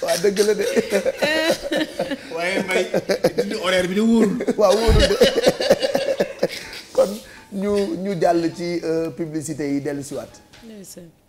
waaw dëgg la de. kay dindi de kon ñu jàll ci euh, publicité yi dellu si